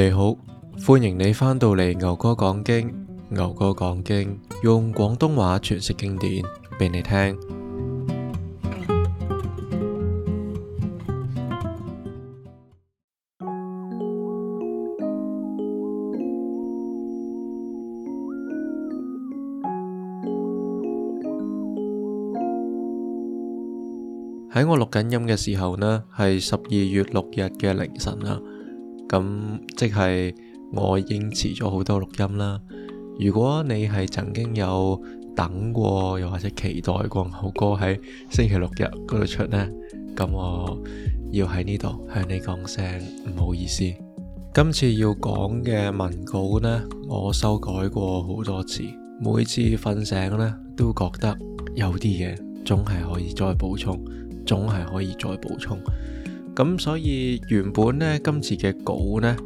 你好，歡迎你翻到嚟牛哥講經。牛哥講經，用廣東話詮釋經典畀你聽。喺 我錄緊音嘅時候呢，係十二月六日嘅凌晨啦、啊。咁即係我已經遲咗好多錄音啦。如果你係曾經有等過，又或者期待過好歌喺星期六日嗰度出呢，咁我要喺呢度向你講聲唔好意思。今次要講嘅文稿呢，我修改過好多次，每次瞓醒呢，都覺得有啲嘢總係可以再補充，總係可以再補充。咁所以原本呢，今次嘅稿呢，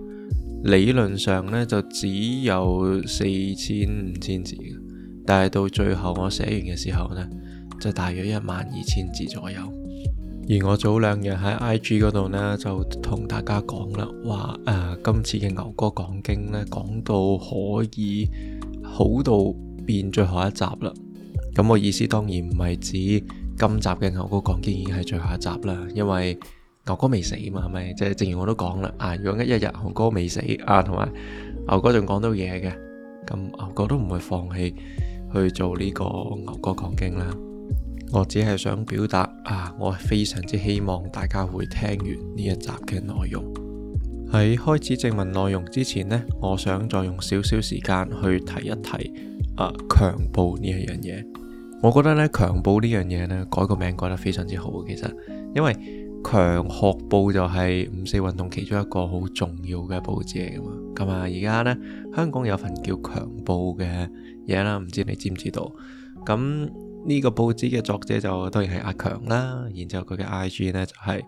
理論上呢，就只有四千五千字。但係到最後我寫完嘅時候呢，就大約一萬二千字左右。而我早兩日喺 IG 嗰度呢，就同大家講啦，話嘩、呃、今次嘅牛哥講經呢，講到可以好到變最後一集啦。咁我意思當然唔係指今集嘅牛哥講經已經係最後一集啦，因為牛哥未死嘛，係咪？即係正如我都講啦，啊，如果一日牛哥未死啊，同埋牛哥仲講到嘢嘅，咁、嗯、牛哥都唔會放棄去做呢個牛哥講經啦。我只係想表達啊，我係非常之希望大家會聽完呢一集嘅內容。喺開始正文內容之前呢，我想再用少少時間去提一提啊強暴呢樣嘢。我覺得呢強暴呢樣嘢呢，改個名改得非常之好，其實因為，強學報就係五四運動其中一個好重要嘅報紙嚟噶嘛，咁啊而家呢，香港有份叫強報嘅嘢啦，唔知你知唔知道？咁呢個報紙嘅作者就當然係阿強啦，然之後佢嘅、就是、I G 呢就係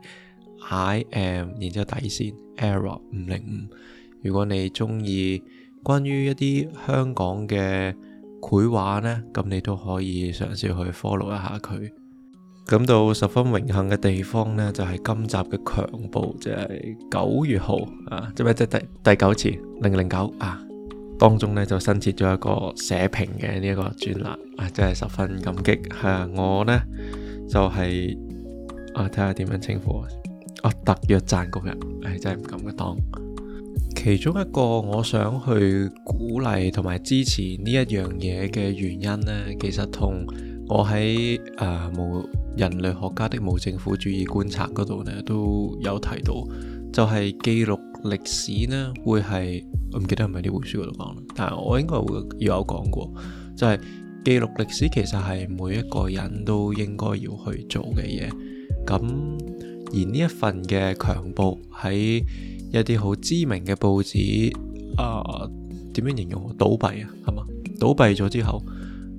I M，然之後底線 error 五零五。如果你中意關於一啲香港嘅繪畫呢，咁你都可以嘗試去 follow 一下佢。感到十分榮幸嘅地方咧，就係今集嘅強報，即係九月號啊，即係第第第九次零零九啊當中咧就新設咗一個社評嘅呢一個專欄啊，真係十分感激。係啊，我咧就係啊，睇下點樣稱呼啊，特約贊助人係真係唔敢咁當。其中一個我想去鼓勵同埋支持呢一樣嘢嘅原因咧，其實同我喺誒冇。人類學家的無政府主義觀察嗰度咧，都有提到，就係、是、記錄歷史咧，會係我唔記得係咪呢本書嗰度講，但係我應該會有講過，就係、是、記錄歷史其實係每一個人都應該要去做嘅嘢。咁而呢一份嘅強暴喺一啲好知名嘅報紙啊，點樣形容？倒閉啊，係嘛？倒閉咗之後。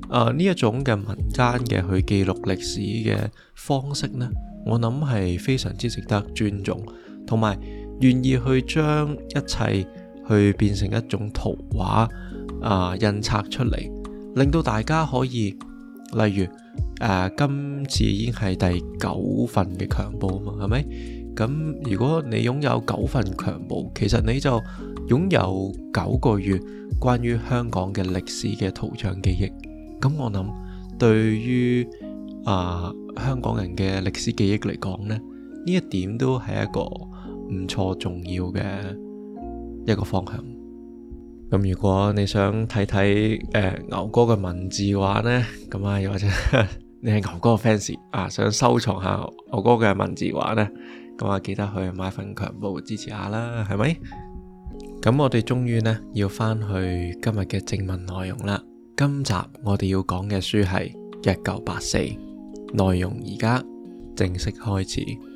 啊！呢一、呃、種嘅民間嘅去記錄歷史嘅方式呢，我諗係非常之值得尊重，同埋願意去將一切去變成一種圖畫啊、呃，印刷出嚟，令到大家可以，例如誒、呃、今次已經係第九份嘅強暴啊嘛，係咪？咁如果你擁有九份強暴，其實你就擁有九個月關於香港嘅歷史嘅圖像記憶。咁我諗，對於啊、呃、香港人嘅歷史記憶嚟講呢，呢一點都係一個唔錯重要嘅一個方向。咁如果你想睇睇誒牛哥嘅文字嘅話呢，咁啊又或者 你係牛哥嘅 fans 啊，想收藏下牛、牛哥嘅文字話呢，咁啊記得去買份強報支持下啦，係咪？咁我哋終於呢，要翻去今日嘅正文內容啦。今集我哋要講嘅書係《一九八四》，內容而家正式開始。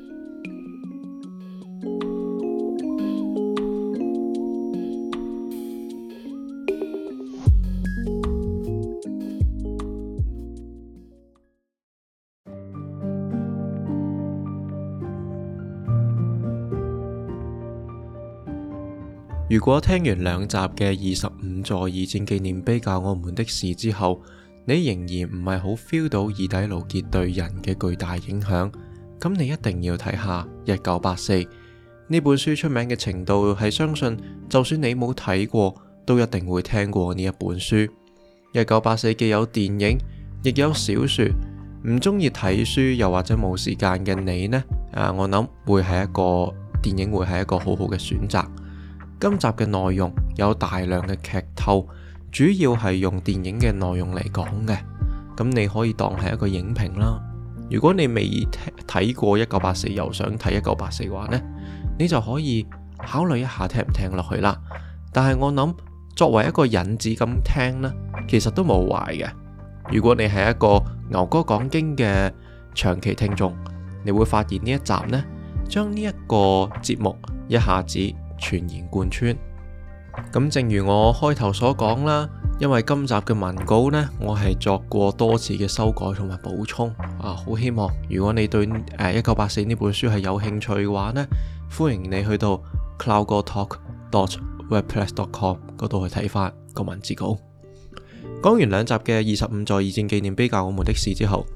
如果聽完兩集嘅《二十五座二戰紀念碑》教我們的事之後，你仍然唔係好 feel 到二底盧杰對人嘅巨大影響，咁你一定要睇下《一九八四》。呢本書出名嘅程度係相信，就算你冇睇過，都一定會聽過呢一本書。《一九八四》既有電影，亦有小說。唔中意睇書又或者冇時間嘅你呢？誒、啊，我諗會係一個電影會係一個好好嘅選擇。今集嘅內容有大量嘅劇透，主要係用電影嘅內容嚟講嘅，咁你可以當係一個影評啦。如果你未聽睇過《一九八四》，又想睇《一九八四》嘅話呢，你就可以考慮一下聽唔聽落去啦。但係我諗，作為一個引子咁聽呢，其實都冇壞嘅。如果你係一個牛哥講經嘅長期聽眾，你會發現呢一集呢，將呢一個節目一下子。全然貫穿。咁正如我開頭所講啦，因為今集嘅文稿呢，我係作過多次嘅修改同埋補充。啊，好希望如果你對誒一九八四呢本書係有興趣嘅話呢，歡迎你去到 cowgortalk.wordpress.com 嗰度去睇翻個文字稿。講完兩集嘅二十五座二戰紀念碑教我們的事之後，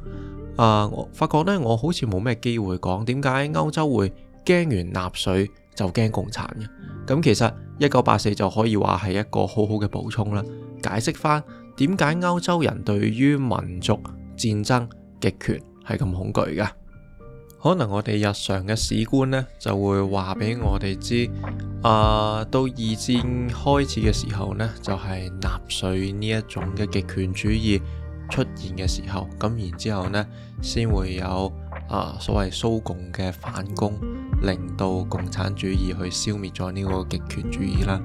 啊，我發覺呢，我好似冇咩機會講點解歐洲會驚完納粹。就驚共產嘅，咁其實一九八四就可以話係一個好好嘅補充啦，解釋返點解歐洲人對於民族戰爭極權係咁恐懼嘅。可能我哋日常嘅史觀呢，就會話俾我哋知，啊、呃、到二戰開始嘅時候呢，就係、是、納粹呢一種嘅極權主義出現嘅時候，咁然之後呢，先會有。啊，所謂蘇共嘅反攻，令到共產主義去消滅咗呢個極權主義啦。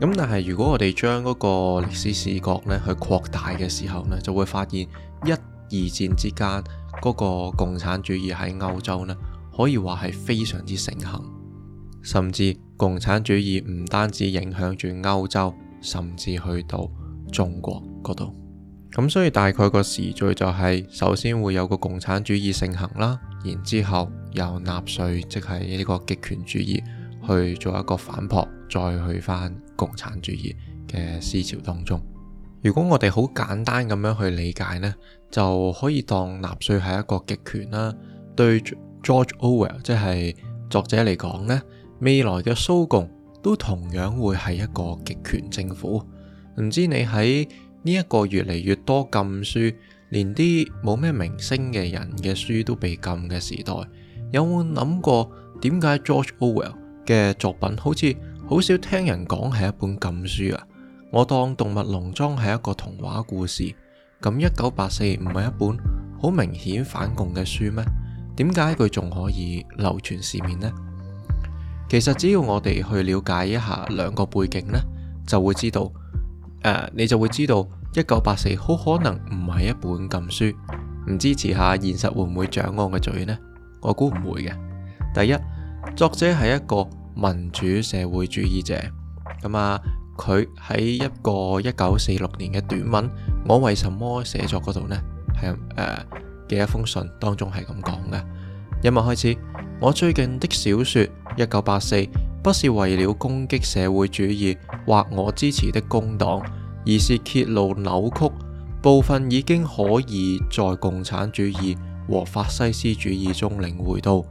咁但係如果我哋將嗰個歷史視角咧去擴大嘅時候呢，就會發現一二戰之間嗰個共產主義喺歐洲呢，可以話係非常之盛行，甚至共產主義唔單止影響住歐洲，甚至去到中國嗰度。咁所以大概個時序就係首先會有個共產主義盛行啦，然之後由納粹即係呢個極權主義去做一個反撲，再去翻共產主義嘅思潮當中。如果我哋好簡單咁樣去理解咧，就可以當納粹係一個極權啦。對 George Orwell 即係作者嚟講咧，未來嘅蘇共都同樣會係一個極權政府。唔知你喺？呢一個越嚟越多禁書，連啲冇咩明星嘅人嘅書都被禁嘅時代，有冇諗過點解 George Orwell 嘅作品好似好少聽人講係一本禁書啊？我當動物農莊係一個童話故事，咁《一九八四》唔係一本好明顯反共嘅書咩？點解佢仲可以流傳市面呢？其實只要我哋去了解一下兩個背景呢，就會知道。誒，uh，你就會知道《一九八四》好可能唔係一本禁書，唔知遲下現實會唔會掌我嘅嘴呢？我估唔會嘅。第一，作者係一個民主社會主義者，咁啊，佢喺一個一九四六年嘅短文《我為什麼寫作》嗰度呢，係誒嘅一封信當中係咁講嘅。今日開始，我最近的小說《一九八四》。不是為了攻擊社會主義或我支持的工黨，而是揭露扭曲，部分已經可以在共產主義和法西斯主義中領會到。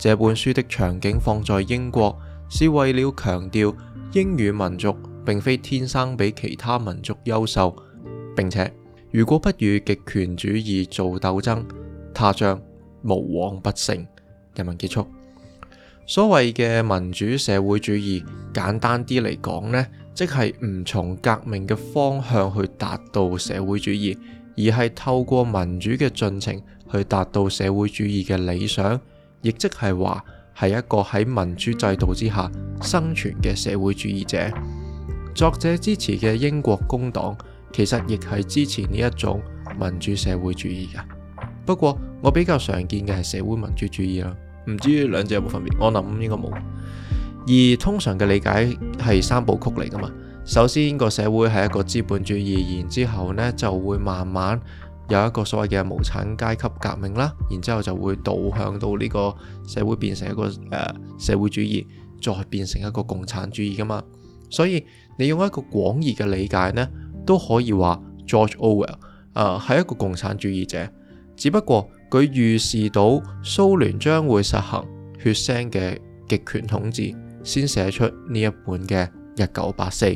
這本書的場景放在英國，是為了強調英語民族並非天生比其他民族優秀。並且，如果不與極權主義做鬥爭，他將無往不勝。人民結束。所謂嘅民主社會主義，簡單啲嚟講呢，即係唔從革命嘅方向去達到社會主義，而係透過民主嘅進程去達到社會主義嘅理想，亦即係話係一個喺民主制度之下生存嘅社會主義者。作者支持嘅英國工黨，其實亦係支持呢一種民主社會主義㗎。不過我比較常見嘅係社會民主主義啦。唔知兩者有冇分別？我諗應該冇。而通常嘅理解係三部曲嚟噶嘛，首先個社會係一個資本主義，然之後呢就會慢慢有一個所謂嘅無產階級革命啦，然之後就會導向到呢個社會變成一個誒、呃、社會主義，再變成一個共產主義噶嘛。所以你用一個廣義嘅理解呢，都可以話 George Orwell 誒、呃、係一個共產主義者，只不過。佢預示到蘇聯將會實行血腥嘅極權統治，先寫出呢一本嘅《一九八四》。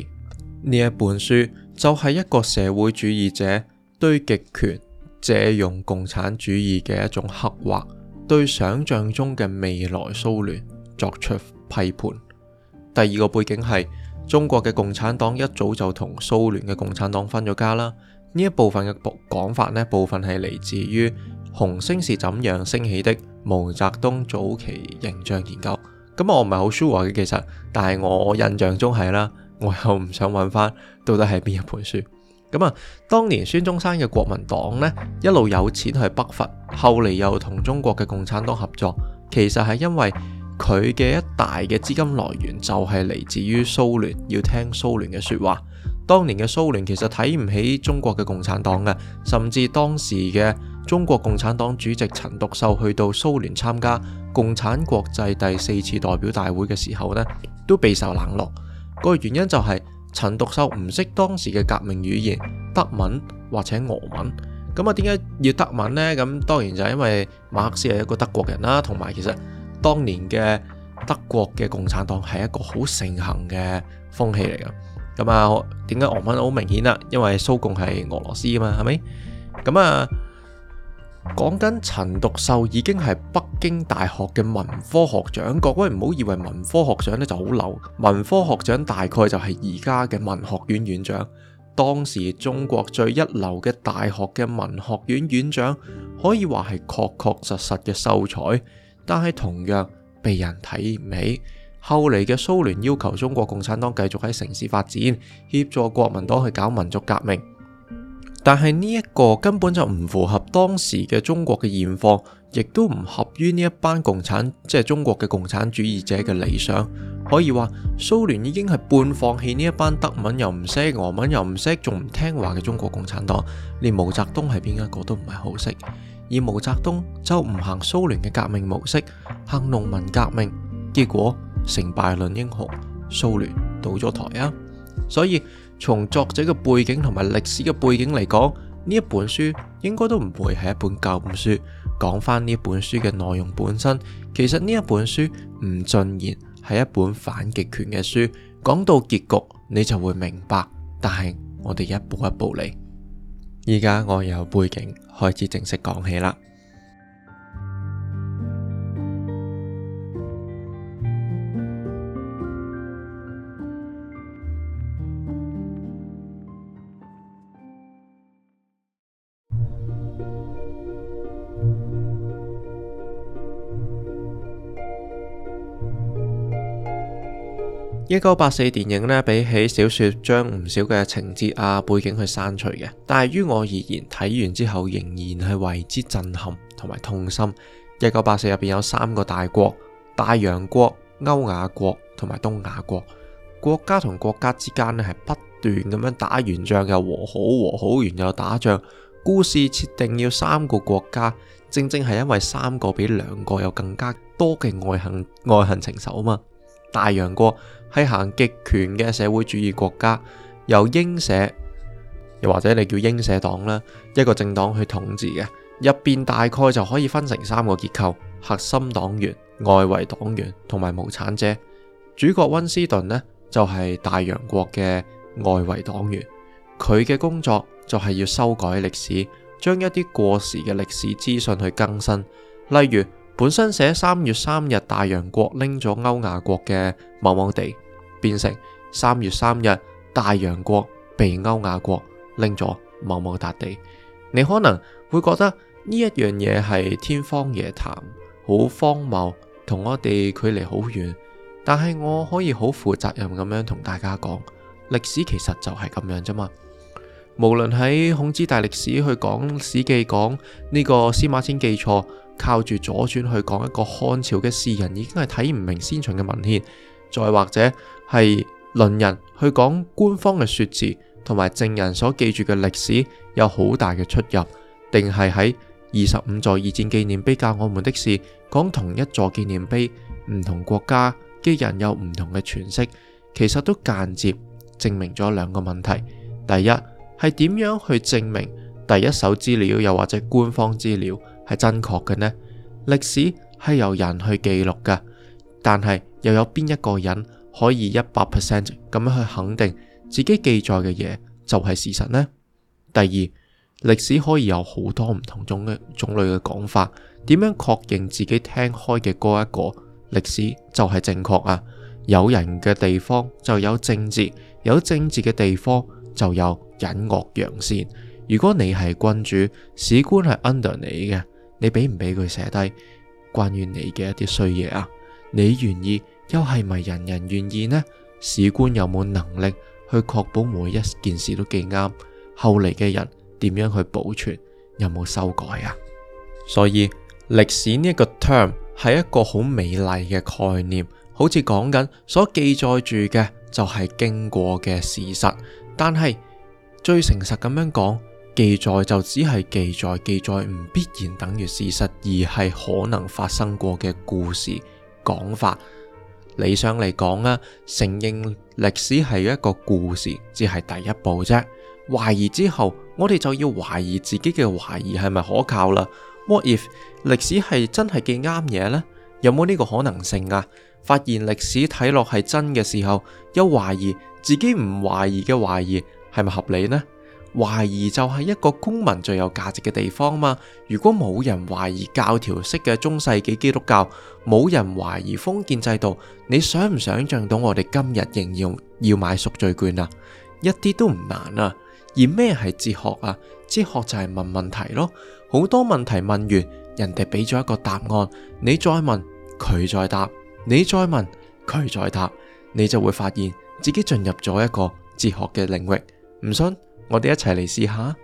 呢一本書就係一個社會主義者對極權，借用共產主義嘅一種刻畫，對想像中嘅未來蘇聯作出批判。第二個背景係中國嘅共產黨一早就同蘇聯嘅共產黨分咗家啦。呢一部分嘅講法呢，部分係嚟自於。紅星是怎樣升起的？毛澤東早期形象研究。咁我唔係好 sure 嘅，其實，但係我印象中係啦，我又唔想搵翻到底係邊一本書。咁啊，當年孫中山嘅國民黨呢，一路有錢去北伐，後嚟又同中國嘅共產黨合作，其實係因爲佢嘅一大嘅資金來源就係嚟自於蘇聯，要聽蘇聯嘅說話。當年嘅蘇聯其實睇唔起中國嘅共產黨嘅，甚至當時嘅中國共產黨主席陳獨秀去到蘇聯參加共產國際第四次代表大會嘅時候呢，都備受冷落。個原因就係陳獨秀唔識當時嘅革命語言德文或者俄文。咁啊，點解要德文呢？咁當然就係因為馬克思係一個德國人啦，同埋其實當年嘅德國嘅共產黨係一個好盛行嘅風氣嚟嘅。咁啊，點解俄文好明顯啦？因為蘇共係俄羅斯啊嘛，係咪？咁啊，講緊陳獨秀已經係北京大學嘅文科學長，各位唔好以為文科學長呢就好流，文科學長大概就係而家嘅文學院院長，當時中國最一流嘅大學嘅文學院院長，可以話係確確實實嘅秀才，但係同樣被人睇唔起。後嚟嘅蘇聯要求中國共產黨繼續喺城市發展，協助國民黨去搞民族革命，但係呢一個根本就唔符合當時嘅中國嘅現況，亦都唔合於呢一班共產，即係中國嘅共產主義者嘅理想。可以話，蘇聯已經係半放棄呢一班德文又唔識，俄文又唔識，仲唔聽話嘅中國共產黨，連毛澤東係邊一個都唔係好識。而毛澤東就唔行蘇聯嘅革命模式，行農民革命。結果。成敗論英雄，蘇聯倒咗台啊！所以從作者嘅背景同埋歷史嘅背景嚟講，呢一本書應該都唔會係一本禁書。講返呢本書嘅內容本身，其實呢一本書唔盡然係一本反極權嘅書。講到結局你就會明白，但係我哋一步一步嚟。依家我有背景，開始正式講起啦。一九八四電影呢，比起小說，將唔少嘅情節啊、背景去刪除嘅。但係於我而言，睇完之後仍然係為之震撼同埋痛心。一九八四入邊有三個大國：大洋國、歐亞國同埋東亞國。國家同國家之間呢，係不斷咁樣打完仗又和好，和好完又打仗。故事設定要三個國家，正正係因為三個比兩個有更加多嘅愛恨愛恨情仇啊嘛。大洋國。喺行極權嘅社會主義國家，由英社又或者你叫英社黨啦，一個政黨去統治嘅，入邊大概就可以分成三個結構：核心黨員、外圍黨員同埋無產者。主角溫斯頓呢，就係、是、大洋國嘅外圍黨員，佢嘅工作就係要修改歷史，將一啲過時嘅歷史資訊去更新。例如本身寫三月三日大洋國拎咗歐亞國嘅某某地。變成三月三日，大洋國被歐亞國拎咗某某笪地，你可能會覺得呢一樣嘢係天方夜譚，好荒謬，同我哋距離好遠。但係我可以好負責任咁樣同大家講，歷史其實就係咁樣啫嘛。無論喺《孔子大歷史》去講《史記》，講呢個司馬遷記錯，靠住《左傳》去講一個漢朝嘅士人已經係睇唔明先秦嘅文獻，再或者。係論人去講官方嘅說辭，同埋證人所記住嘅歷史有好大嘅出入，定係喺二十五座二戰紀念碑教我們的事，講同一座紀念碑唔同國家嘅人有唔同嘅詮釋，其實都間接證明咗兩個問題：第一係點樣去證明第一手資料又或者官方資料係真確嘅呢？歷史係由人去記錄嘅，但係又有邊一個人？可以一百 percent 咁樣去肯定自己記載嘅嘢就係事實呢？第二，歷史可以有好多唔同種嘅種類嘅講法，點樣確認自己聽開嘅嗰一個歷史就係正確啊？有人嘅地方就有政治，有政治嘅地方就有隱惡揚善。如果你係君主，史官係 under 你嘅，你俾唔俾佢寫低關於你嘅一啲衰嘢啊？你願意？又係咪人人願意呢？史官有冇能力去確保每一件事都幾啱？後嚟嘅人點樣去保存？有冇修改啊？所以歷史呢個 term 係一個好美麗嘅概念，好似講緊所記載住嘅就係經過嘅事實。但係最誠實咁樣講，記載就只係記載，記載唔必然等於事實，而係可能發生過嘅故事講法。理想嚟講啊，承認歷史係一個故事，只係第一步啫。懷疑之後，我哋就要懷疑自己嘅懷疑係咪可靠啦。What if 歷史係真係幾啱嘢呢，有冇呢個可能性啊？發現歷史睇落係真嘅時候，又懷疑自己唔懷疑嘅懷疑係咪合理呢？懷疑就係一個公民最有價值嘅地方嘛。如果冇人懷疑教條式嘅中世紀基督教，冇人懷疑封建制度，你想唔想象到我哋今日仍然要，要買贖罪券啊？一啲都唔難啊。而咩係哲學啊？哲學就係問問題咯。好多問題問完，人哋俾咗一個答案，你再問佢再答，你再問佢再，再，再答，你就會發現自己進入咗一個哲學嘅領域。唔信？我哋一齊嚟試下，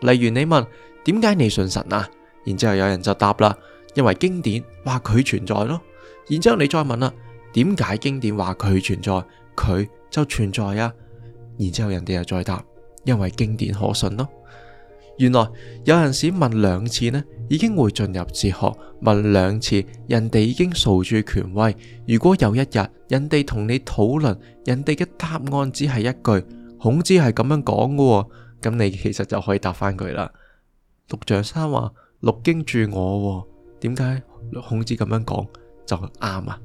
例如你問點解你信神啊，然之後有人就答啦，因為經典話佢存在咯。然之後你再問啦，點解經典話佢存在？佢就存在啊。然之後人哋又再答，因為經典可信咯。原來有人士問兩次呢，已經會進入哲學。問兩次，人哋已經數住權威。如果有一日人哋同你討論，人哋嘅答案只係一句：孔子係咁樣講噶。咁你其實就可以答翻佢啦。陸象山話：六經住我，哦，點解孔子咁樣講就啱啊？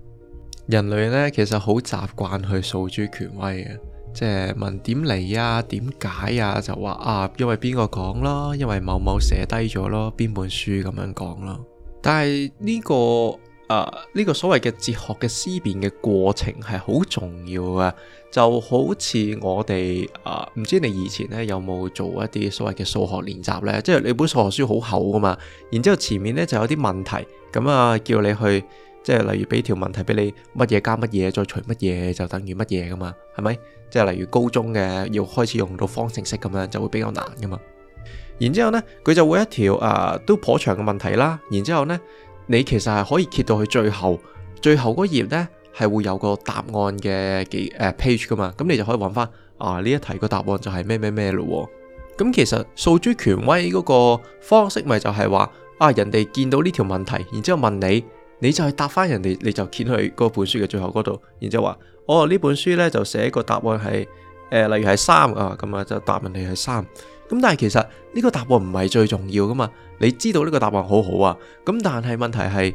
人類呢，其實好習慣去訴諸權威嘅，即係問點嚟啊、點解啊，就話啊，因為邊個講咯，因為某某寫低咗咯，邊本書咁樣講咯。但係呢、這個啊呢、呃這個所謂嘅哲學嘅思辨嘅過程係好重要嘅。就好似我哋啊，唔知你以前呢有冇做一啲所謂嘅數學練習呢？即係你本數學書好厚噶嘛，然之後前面呢就有啲問題，咁啊叫你去即係例如俾條問題俾你，乜嘢加乜嘢再除乜嘢就等於乜嘢噶嘛，係咪？即係例如高中嘅要開始用到方程式咁樣，就會比較難噶嘛。然之後呢，佢就會一條啊都頗長嘅問題啦。然之後呢，你其實係可以揭到去最後，最後嗰頁呢。係會有個答案嘅幾誒、呃、page 噶嘛，咁你就可以揾翻啊呢一題個答案就係咩咩咩咯。咁其實訴諸權威嗰個方式咪就係話啊人哋見到呢條問題，然之後問你，你就係答翻人哋，你就揭去嗰本書嘅最後嗰度，然之後話哦，呢本書呢，就寫個答案係誒、呃、例如係三啊，咁啊就答問題係三。咁但係其實呢個答案唔係最重要噶嘛，你知道呢個答案好好啊，咁但係問題係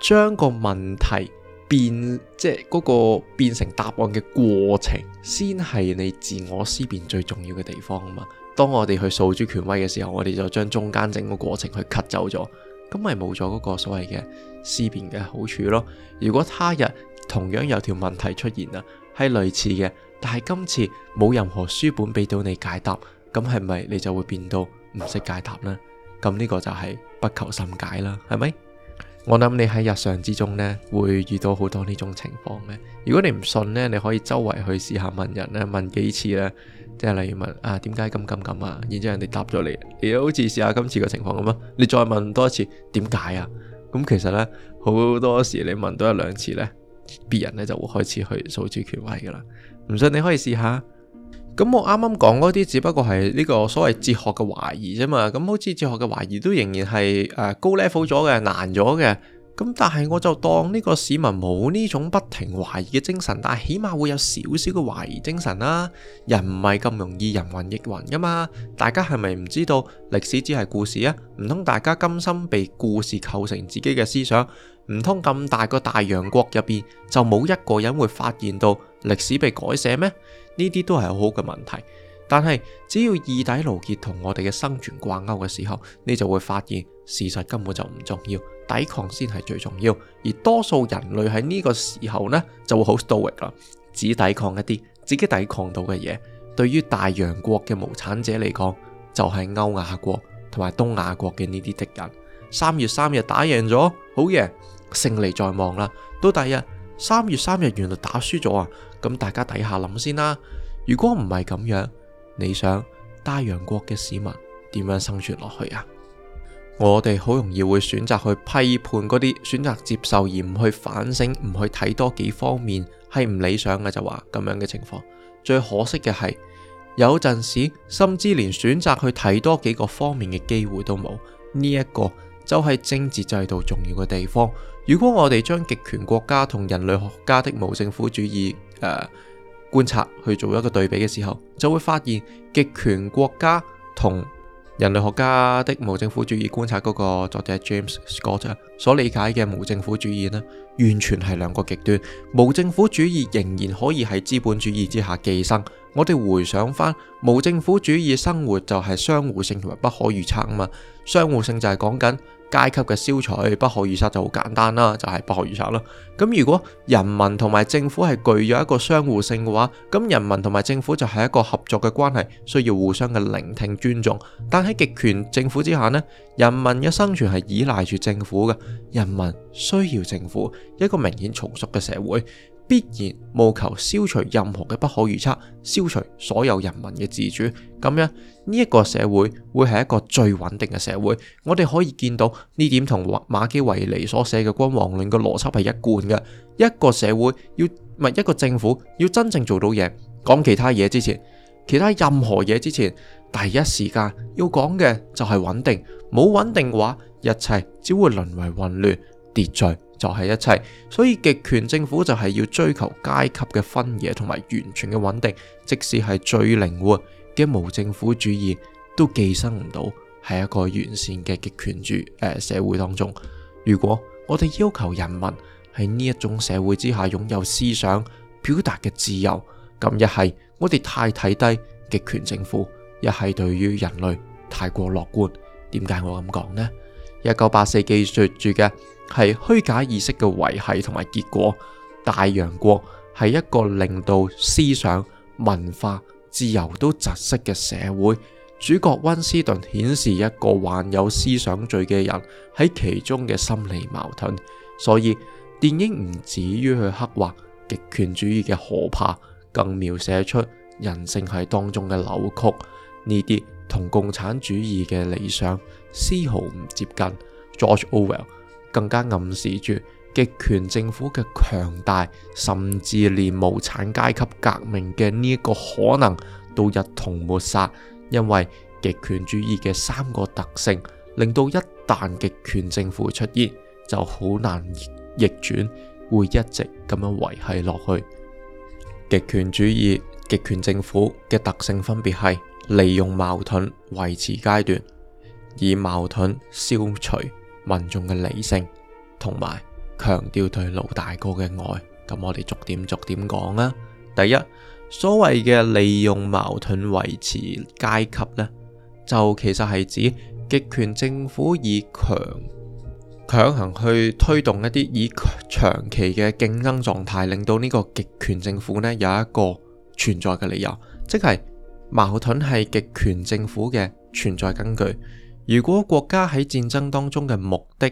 將個問題。變即係個變成答案嘅過程，先係你自我思辨最重要嘅地方啊嘛。當我哋去訴諸權威嘅時候，我哋就將中間整個過程去 cut 走咗，咁咪冇咗嗰個所謂嘅思辨嘅好處咯。如果他日同樣有條問題出現啊，係類似嘅，但係今次冇任何書本俾到你解答，咁係咪你就會變到唔識解答呢？咁呢個就係不求甚解啦，係咪？我諗你喺日常之中咧，會遇到好多呢種情況嘅。如果你唔信咧，你可以周圍去試下問人咧，問幾次咧，即係例如問啊，點解咁咁咁啊？然之後人哋答咗你，你好似試下今次嘅情況咁啊，你再問多一次，點解啊？咁、嗯、其實咧，好多時你問多一兩次呢，別人呢就會開始去訴諸權威噶啦。唔信你可以試下。咁我啱啱講嗰啲只不過係呢個所謂哲學嘅懷疑啫嘛，咁好似哲學嘅懷疑都仍然係誒高 level 咗嘅難咗嘅，咁但係我就當呢個市民冇呢種不停懷疑嘅精神，但係起碼會有少少嘅懷疑精神啦、啊。人唔係咁容易人云亦云噶嘛，大家係咪唔知道歷史只係故事啊？唔通大家甘心被故事構成自己嘅思想？唔通咁大個大洋國入邊就冇一個人會發現到？歷史被改寫咩？呢啲都係好好嘅問題。但係只要意底勞結同我哋嘅生存掛鈎嘅時候，你就會發現事實根本就唔重要，抵抗先係最重要。而多數人類喺呢個時候呢，就會好 stoic 啦，只抵抗一啲自己抵抗到嘅嘢。對於大洋國嘅無產者嚟講，就係歐亞國同埋東亞國嘅呢啲敵人。三月三日打贏咗，好嘢，勝利在望啦。到第二日。三月三日原來打輸咗啊！咁大家睇下諗先啦。如果唔係咁樣，你想大洋國嘅市民點樣生存落去啊？我哋好容易會選擇去批判嗰啲選擇接受而唔去反省，唔去睇多幾方面係唔理想嘅就話咁樣嘅情況。最可惜嘅係，有陣時甚至連選擇去睇多幾個方面嘅機會都冇呢一個。就係政治制度重要嘅地方。如果我哋將極權國家同人類學家的無政府主義誒、呃、觀察去做一個對比嘅時候，就會發現極權國家同人類學家的無政府主義觀察嗰、那個作者 James Scott 所理解嘅無政府主義呢，完全係兩個極端。無政府主義仍然可以喺資本主義之下寄生。我哋回想返無政府主義生活，就係相互性同埋不可預測啊嘛。相互性就係講緊階級嘅消除，不可預測就好簡單啦，就係、是、不可預測啦。咁如果人民同埋政府係具有一個相互性嘅話，咁人民同埋政府就係一個合作嘅關係，需要互相嘅聆聽尊重。但喺極權政府之下咧，人民嘅生存係依賴住政府嘅，人民需要政府，一個明顯從屬嘅社會。必然務求消除任何嘅不可預測，消除所有人民嘅自主。咁樣呢一個社會會係一個最穩定嘅社會。我哋可以見到呢點同馬基維尼所寫嘅君王論嘅邏輯係一貫嘅。一個社會要係、呃、一個政府要真正做到嘢，講其他嘢之前，其他任何嘢之前，第一時間要講嘅就係穩定。冇穩定嘅話，一切只會淪為混亂、秩序。就係一切，所以極權政府就係要追求階級嘅分野同埋完全嘅穩定，即使係最靈活嘅無政府主義都寄生唔到，喺一個完善嘅極權主誒、呃、社會當中。如果我哋要求人民喺呢一種社會之下擁有思想表達嘅自由，咁一係我哋太睇低極權政府，一係對於人類太過樂觀。點解我咁講呢？一九八四記住住嘅。係虛假意識嘅維繫同埋結果。大洋國係一個令到思想、文化、自由都窒息嘅社會。主角溫斯頓顯示一個患有思想罪嘅人喺其中嘅心理矛盾。所以電影唔止於去刻畫極權主義嘅可怕，更描寫出人性喺當中嘅扭曲。呢啲同共產主義嘅理想絲毫唔接近。George Orwell。更加暗示住極權政府嘅強大，甚至連無產階級革命嘅呢一個可能都一同抹殺，因為極權主義嘅三個特性令到一旦極權政府出現，就好難逆轉，會一直咁樣維繫落去。極權主義、極權政府嘅特性分別係利用矛盾維持階段，以矛盾消除。民眾嘅理性，同埋強調對老大哥嘅愛，咁我哋逐點逐點講啦。第一，所謂嘅利用矛盾維持階級呢，就其實係指極權政府以強強行去推動一啲以長期嘅競爭狀態，令到呢個極權政府呢，有一個存在嘅理由，即係矛盾係極權政府嘅存在根據。如果國家喺戰爭當中嘅目的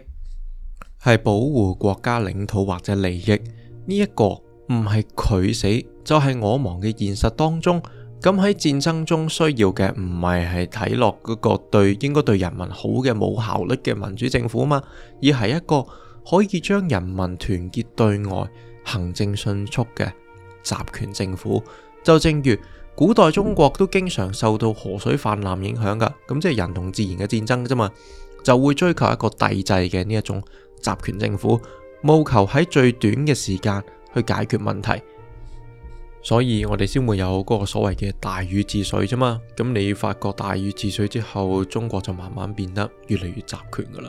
係保護國家領土或者利益，呢、這、一個唔係佢死就係、是、我亡嘅現實當中，咁喺戰爭中需要嘅唔係係睇落嗰個對應該對人民好嘅冇效率嘅民主政府嘛，而係一個可以將人民團結對外、行政迅速嘅集權政府，就正如。古代中國都經常受到河水泛濫影響噶，咁即係人同自然嘅戰爭嘅啫嘛，就會追求一個帝制嘅呢一種集權政府，務求喺最短嘅時間去解決問題，所以我哋先會有嗰個所謂嘅大禹治水啫嘛，咁你發覺大禹治水之後，中國就慢慢變得越嚟越集權噶啦，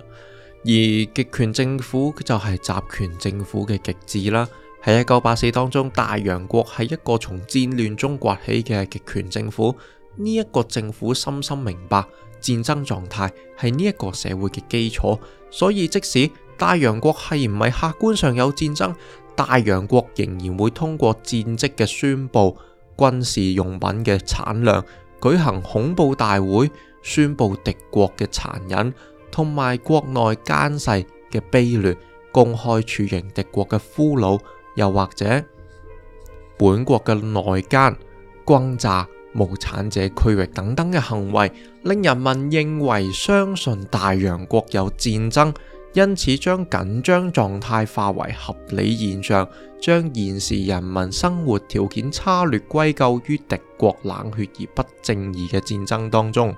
而極權政府就係集權政府嘅極致啦。喺一九八四當中，大洋國係一個從戰亂中崛起嘅極權政府。呢、這、一個政府深深明白戰爭狀態係呢一個社會嘅基礎，所以即使大洋國係唔係客觀上有戰爭，大洋國仍然會通過戰績嘅宣布、軍事用品嘅產量、舉行恐怖大會、宣布敵國嘅殘忍同埋國內奸細嘅卑劣，公開處刑敵國嘅俘虜。又或者，本國嘅內奸、轟炸無產者區域等等嘅行為，令人民認為相信大洋國有戰爭，因此將緊張狀態化為合理現象，將現時人民生活條件差劣歸咎於敵國冷血而不正義嘅戰爭當中。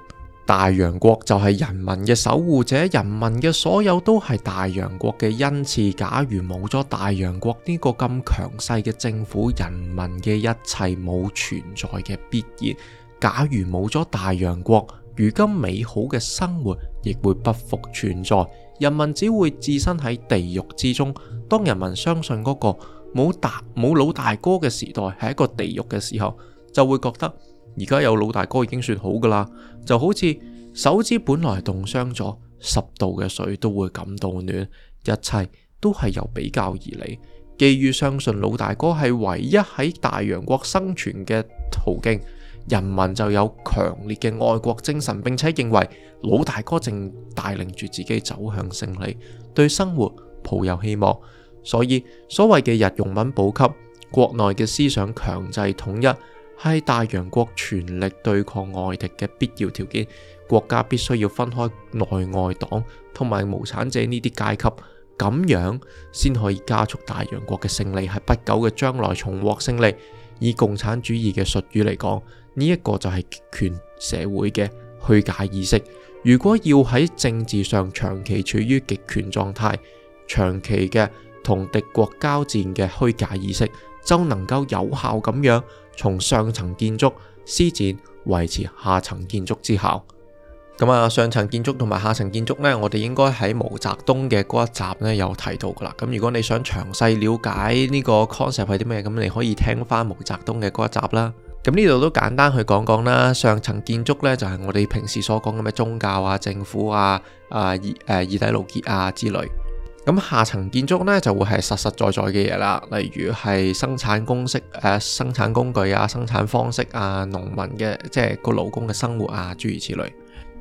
大洋國就係人民嘅守護者，人民嘅所有都係大洋國嘅恩賜。假如冇咗大洋國呢個咁強勢嘅政府，人民嘅一切冇存在嘅必然。假如冇咗大洋國，如今美好嘅生活亦會不復存在，人民只會置身喺地獄之中。當人民相信嗰個冇大冇老大哥嘅時代係一個地獄嘅時候，就會覺得而家有老大哥已經算好㗎喇。就好似手指本來凍傷咗，十度嘅水都會感到暖，一切都係由比較而嚟。基於相信老大哥係唯一喺大洋國生存嘅途徑，人民就有強烈嘅愛國精神，並且認為老大哥正帶領住自己走向勝利，對生活抱有希望。所以，所謂嘅日用品補給，國內嘅思想強制統一。喺大洋國全力對抗外敵嘅必要條件，國家必須要分開內外黨同埋無產者呢啲階級，咁樣先可以加速大洋國嘅勝利，喺不久嘅將來重獲勝利。以共產主義嘅術語嚟講，呢一個就係極權社會嘅虛假意識。如果要喺政治上長期處於極權狀態，長期嘅同敵國交戰嘅虛假意識。就能夠有效咁樣從上層建築施展維持下層建築之效。咁啊，上層建築同埋下層建築呢，我哋應該喺毛澤東嘅嗰一集呢有提到噶啦。咁如果你想詳細了解呢個 concept 係啲咩，咁你可以聽翻毛澤東嘅嗰一集啦。咁呢度都簡單去講講啦。上層建築呢就係我哋平時所講嘅咩宗教啊、政府啊、啊耳誒意底牢結啊之類。咁下層建築呢，就會係實實在在嘅嘢啦，例如係生產方式、誒、呃、生產工具啊、生產方式啊、農民嘅即係個勞工嘅生活啊，諸如此類。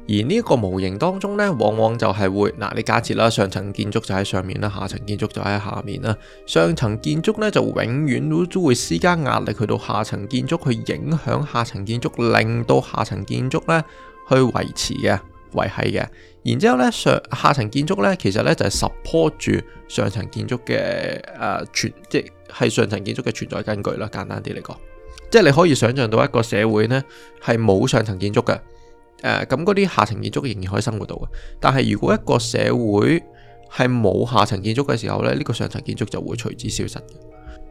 而呢個模型當中呢，往往就係會嗱、啊，你假設啦，上層建築就喺上面啦，下層建築就喺下面啦。上層建築呢，就永遠都都會施加壓力去到下層建築，去影響下層建築，令到下層建築呢，去維持嘅、維繫嘅。然之後咧，上下層建築咧，其實咧就係、是、support 住上層建築嘅誒存，即係上層建築嘅存在根據啦。簡單啲嚟講，即係你可以想像到一個社會呢，係冇上層建築嘅，誒咁嗰啲下層建築仍然可以生活到嘅。但係如果一個社會係冇下層建築嘅時候咧，呢、這個上層建築就會隨之消失。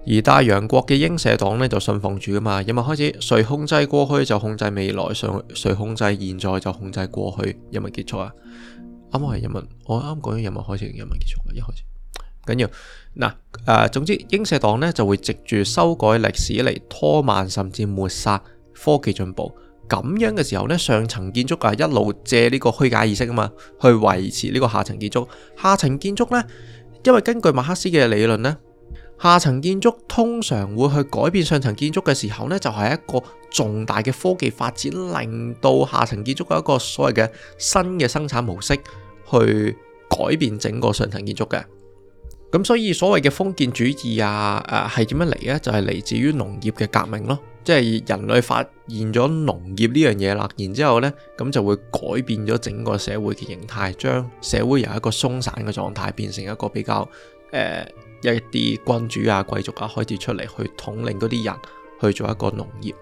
而大洋國嘅英社黨呢，就信奉住噶嘛，因為開始誰控制過去就控制未來，上誰控制現在就控制過去，有冇記錯啊？啱好係日文，我啱講完日文開始，日文結束啦。一開始緊要嗱，誒，總之英社黨呢就會藉住修改歷史嚟，拖慢甚至抹殺科技進步，咁樣嘅時候呢，上層建築啊一路借呢個虛假意識啊嘛，去維持呢個下層建築。下層建築呢，因為根據馬克思嘅理論呢。下層建築通常會去改變上層建築嘅時候呢，就係一個重大嘅科技發展令到下層建築一個所謂嘅新嘅生產模式去改變整個上層建築嘅。咁所以所謂嘅封建主義啊，誒係點樣嚟咧？就係嚟自於農業嘅革命咯，即係人類發現咗農業呢樣嘢啦，然之後咧，咁就會改變咗整個社會嘅形態，將社會由一個鬆散嘅狀態變成一個比較誒。呃一啲君主啊、貴族啊，開始出嚟去統領嗰啲人去做一個農業，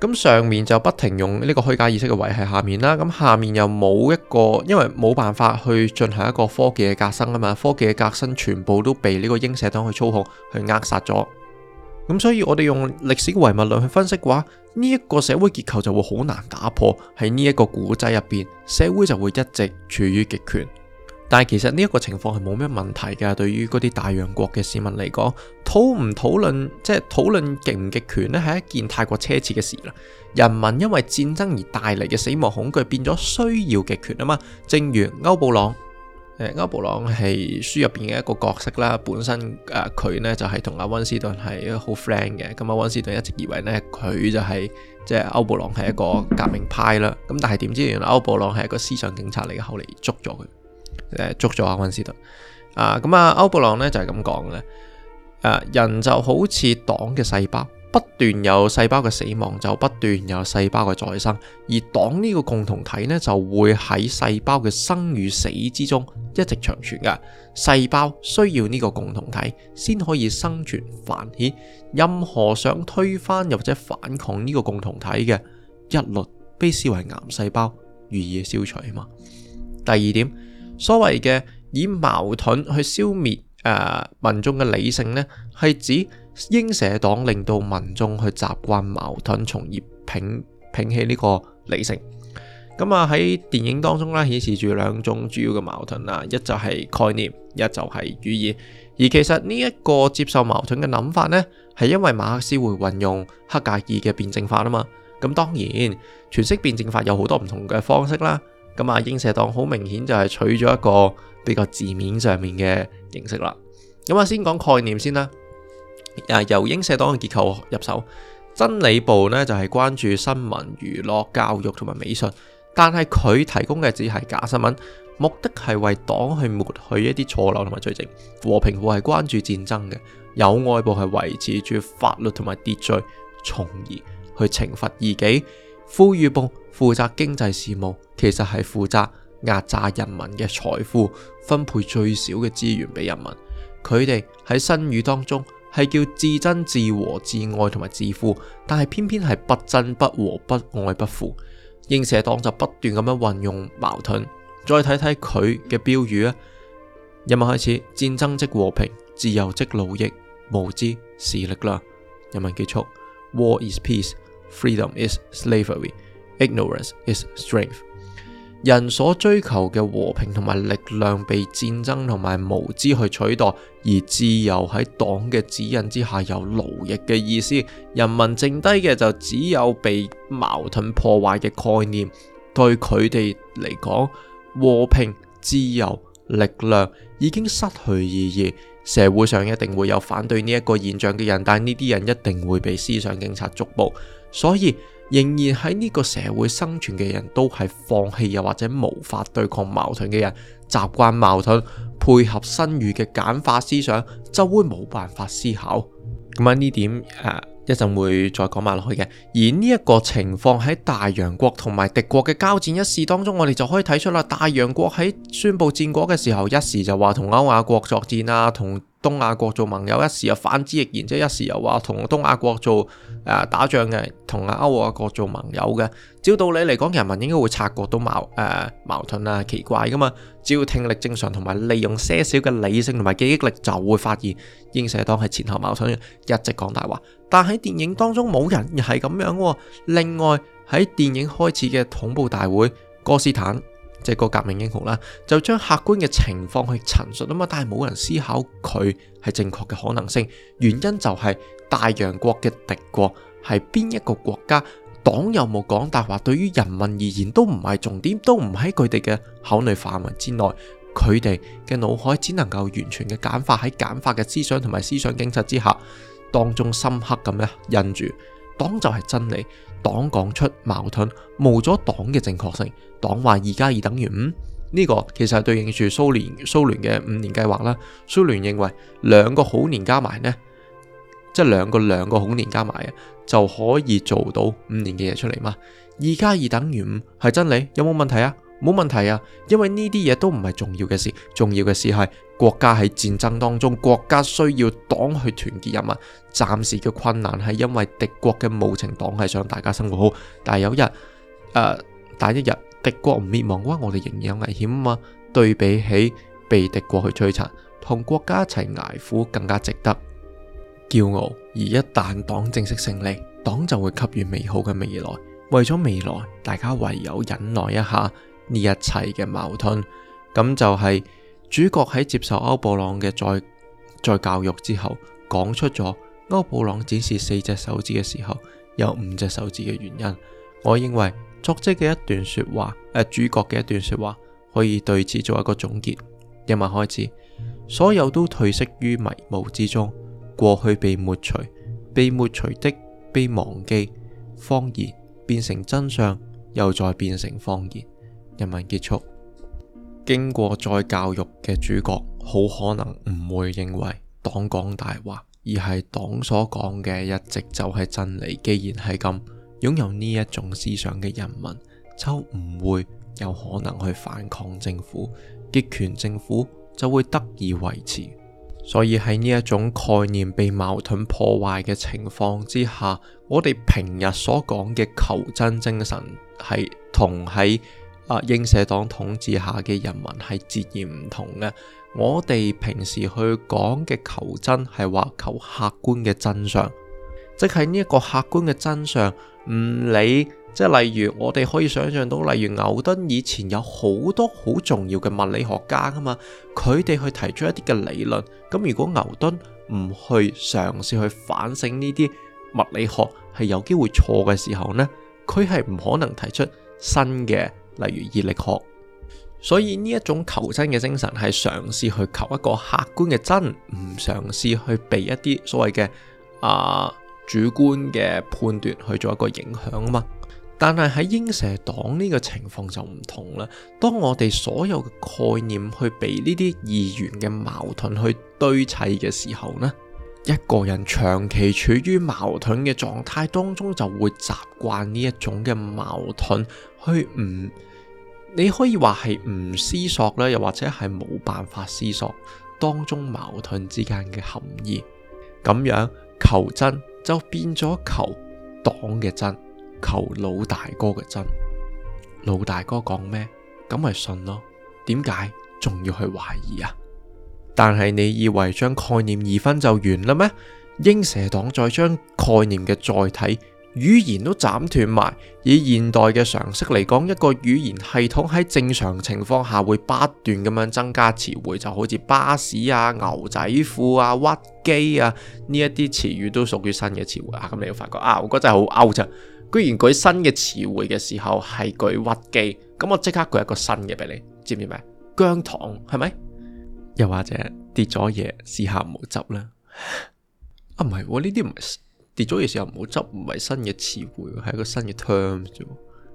咁上面就不停用呢個虛假意識嘅維繫下面啦。咁下面又冇一個，因為冇辦法去進行一個科技嘅革新啊嘛。科技嘅革新全部都被呢個英社黨去操控，去扼殺咗。咁所以，我哋用歷史唯物論去分析嘅話，呢、這、一個社會結構就會好難打破。喺呢一個古仔入邊社會就會一直處於極權。但係其實呢一個情況係冇咩問題㗎。對於嗰啲大洋國嘅市民嚟講，討唔討論即係討論極唔極權呢係一件太過奢侈嘅事啦。人民因為戰爭而帶嚟嘅死亡恐懼變咗需要極權啊嘛。正如歐布朗，誒、呃、歐布朗係書入邊嘅一個角色啦。本身誒佢、呃、呢就係同阿溫斯頓係好 friend 嘅。咁阿溫斯頓一直以為呢，佢就係、是、即係歐布朗係一個革命派啦。咁但係點知原來歐布朗係一個思想警察嚟嘅，後嚟捉咗佢。誒，捉咗阿溫斯特。啊，咁、就是、啊，歐布朗咧就係咁講嘅。人就好似黨嘅細胞，不斷有細胞嘅死亡，就不斷有細胞嘅再生，而黨呢個共同體呢，就會喺細胞嘅生與死之中一直長存嘅。細胞需要呢個共同體先可以生存繁衍，任何想推翻又或者反抗呢個共同體嘅，一律被視為癌細胞，予以消除啊。嘛，第二點。所謂嘅以矛盾去消滅誒、呃、民眾嘅理性呢，係指英社黨令到民眾去習慣矛盾，從而摒摒棄呢個理性。咁啊喺電影當中啦，顯示住兩種主要嘅矛盾啦，一就係概念，一就係語言。而其實呢一個接受矛盾嘅諗法呢，係因為馬克思會運用黑格爾嘅辯證法啊嘛。咁、嗯、當然，全式辯證法有好多唔同嘅方式啦。咁啊，英社黨好明顯就係取咗一個比較字面上面嘅形式啦。咁啊，先講概念先啦。啊，由英社黨嘅結構入手，真理部呢就係關注新聞、娛樂、教育同埋美術，但係佢提供嘅只係假新聞，目的係為黨去抹去一啲錯漏同埋罪證。和平部係關注戰爭嘅，友愛部係維持住法律同埋秩序，從而去懲罰異己。富裕部負責經濟事務，其實係負責壓榨人民嘅財富，分配最少嘅資源俾人民。佢哋喺新語當中係叫自真、自和、自愛同埋自富，但係偏偏係不真、不和、不愛、不富。英社黨就不斷咁樣運用矛盾。再睇睇佢嘅標語啊，人民開始，戰爭即和平，自由即奴役，無知是力啦。人民結束，War is peace。Freedom is slavery, ignorance is strength。人所追求嘅和平同埋力量被戰爭同埋無知去取代，而自由喺黨嘅指引之下有奴役嘅意思。人民剩低嘅就只有被矛盾破壞嘅概念，對佢哋嚟講，和平、自由、力量已經失去意矣。社會上一定會有反對呢一個現象嘅人，但呢啲人一定會被思想警察捉捕。所以仍然喺呢個社會生存嘅人，都係放棄又或者無法對抗矛盾嘅人，習慣矛盾配合新語嘅簡化思想，就會冇辦法思考。咁喺呢點、啊、一陣會再講埋落去嘅。而呢一個情況喺大洋國同埋敵國嘅交戰一事當中，我哋就可以睇出啦。大洋國喺宣佈戰果嘅時候，一時就話同歐亞國作戰啊，同東亞國做盟友，一時又反之亦然，即一時又話同東亞國做誒、呃、打仗嘅，同歐亞國做盟友嘅。照道理嚟講，人民應該會察覺到矛誒、呃、矛盾啊，奇怪噶嘛。只要聽力正常同埋利用些少嘅理性同埋記憶力，就會發現英社黨係前後矛盾，一直講大話。但喺電影當中冇人亦係咁樣、啊。另外喺電影開始嘅恐怖大會，哥斯坦。即係個革命英雄啦，就將客觀嘅情況去陳述啊嘛，但係冇人思考佢係正確嘅可能性。原因就係大洋國嘅敵國係邊一個國家？黨有冇講大話？對於人民而言都唔係重點，都唔喺佢哋嘅考慮範圍之內。佢哋嘅腦海只能夠完全嘅簡化喺簡化嘅思想同埋思想警察之下，當中深刻咁樣印住，黨就係真理。黨講出矛盾，冇咗黨嘅正確性。黨話二加二等於五，呢個其實係對應住蘇聯蘇聯嘅五年計劃啦。蘇聯認為兩個好年加埋呢，即係兩個兩個好年加埋啊，就可以做到五年嘅嘢出嚟嘛。二加二等於五係真理，有冇問題啊？冇問題啊，因為呢啲嘢都唔係重要嘅事，重要嘅事係國家喺戰爭當中，國家需要黨去團結人民。暫時嘅困難係因為敵國嘅無情，黨係想大家生活好，但係有一日，呃，但一日敵國唔滅亡嘅，啊，話，我哋仍然有危險啊嘛。對比起被敵國去摧殘，同國家一齊捱苦更加值得驕傲。而一旦黨正式勝利，黨就會給予美好嘅未來。為咗未來，大家唯有忍耐一下。呢一切嘅矛盾，咁就係主角喺接受歐布朗嘅再再教育之後，講出咗歐布朗展示四隻手指嘅時候有五隻手指嘅原因。我認為作者嘅一段說話，誒、呃，主角嘅一段說話，可以對此做一個總結。因為開始，所有都退色於迷霧之中，過去被抹除，被抹除的被忘記，謊言變成真相，又再變成謊言。人民結束經過再教育嘅主角，好可能唔會認為黨講大話，而係黨所講嘅一直就係真理。既然係咁，擁有呢一種思想嘅人民就唔會有可能去反抗政府，極權政府就會得以維持。所以喺呢一種概念被矛盾破壞嘅情況之下，我哋平日所講嘅求真精神係同喺。啊！英社黨統治下嘅人民係截然唔同嘅。我哋平時去講嘅求真係話求客觀嘅真相，即係呢一個客觀嘅真相。唔理即係例如我哋可以想象到，例如牛頓以前有好多好重要嘅物理學家噶嘛，佢哋去提出一啲嘅理論。咁如果牛頓唔去嘗試去反省呢啲物理學係有機會錯嘅時候呢，佢係唔可能提出新嘅。例如熱力學，所以呢一種求真嘅精神係嘗試去求一個客觀嘅真，唔嘗試去被一啲所謂嘅啊主觀嘅判斷去做一個影響啊嘛。但係喺英社黨呢個情況就唔同啦。當我哋所有嘅概念去被呢啲議員嘅矛盾去堆砌嘅時候呢，一個人長期處於矛盾嘅狀態當中，就會習慣呢一種嘅矛盾去，去唔你可以話係唔思索咧，又或者係冇辦法思索當中矛盾之間嘅含義。咁樣求真就變咗求黨嘅真，求老大哥嘅真。老大哥講咩，咁咪信咯。點解仲要去懷疑啊？但係你以為將概念二分就完啦咩？英社黨再將概念嘅載體語言都斬斷埋。以現代嘅常識嚟講，一個語言系統喺正常情況下會不斷咁樣增加詞彙，就好似巴士啊、牛仔褲啊、屈機啊呢一啲詞語都屬於新嘅詞彙啊。咁你會發覺啊，我覺得真係好 out。居然舉新嘅詞彙嘅時候係舉屈機，咁我即刻舉一個新嘅俾你，知唔知咩？薑糖係咪？又或者跌咗嘢，試下唔好執啦。啊，唔係，呢啲唔係跌咗嘢，時候唔好執，唔係新嘅詞彙，係一個新嘅 term 啫。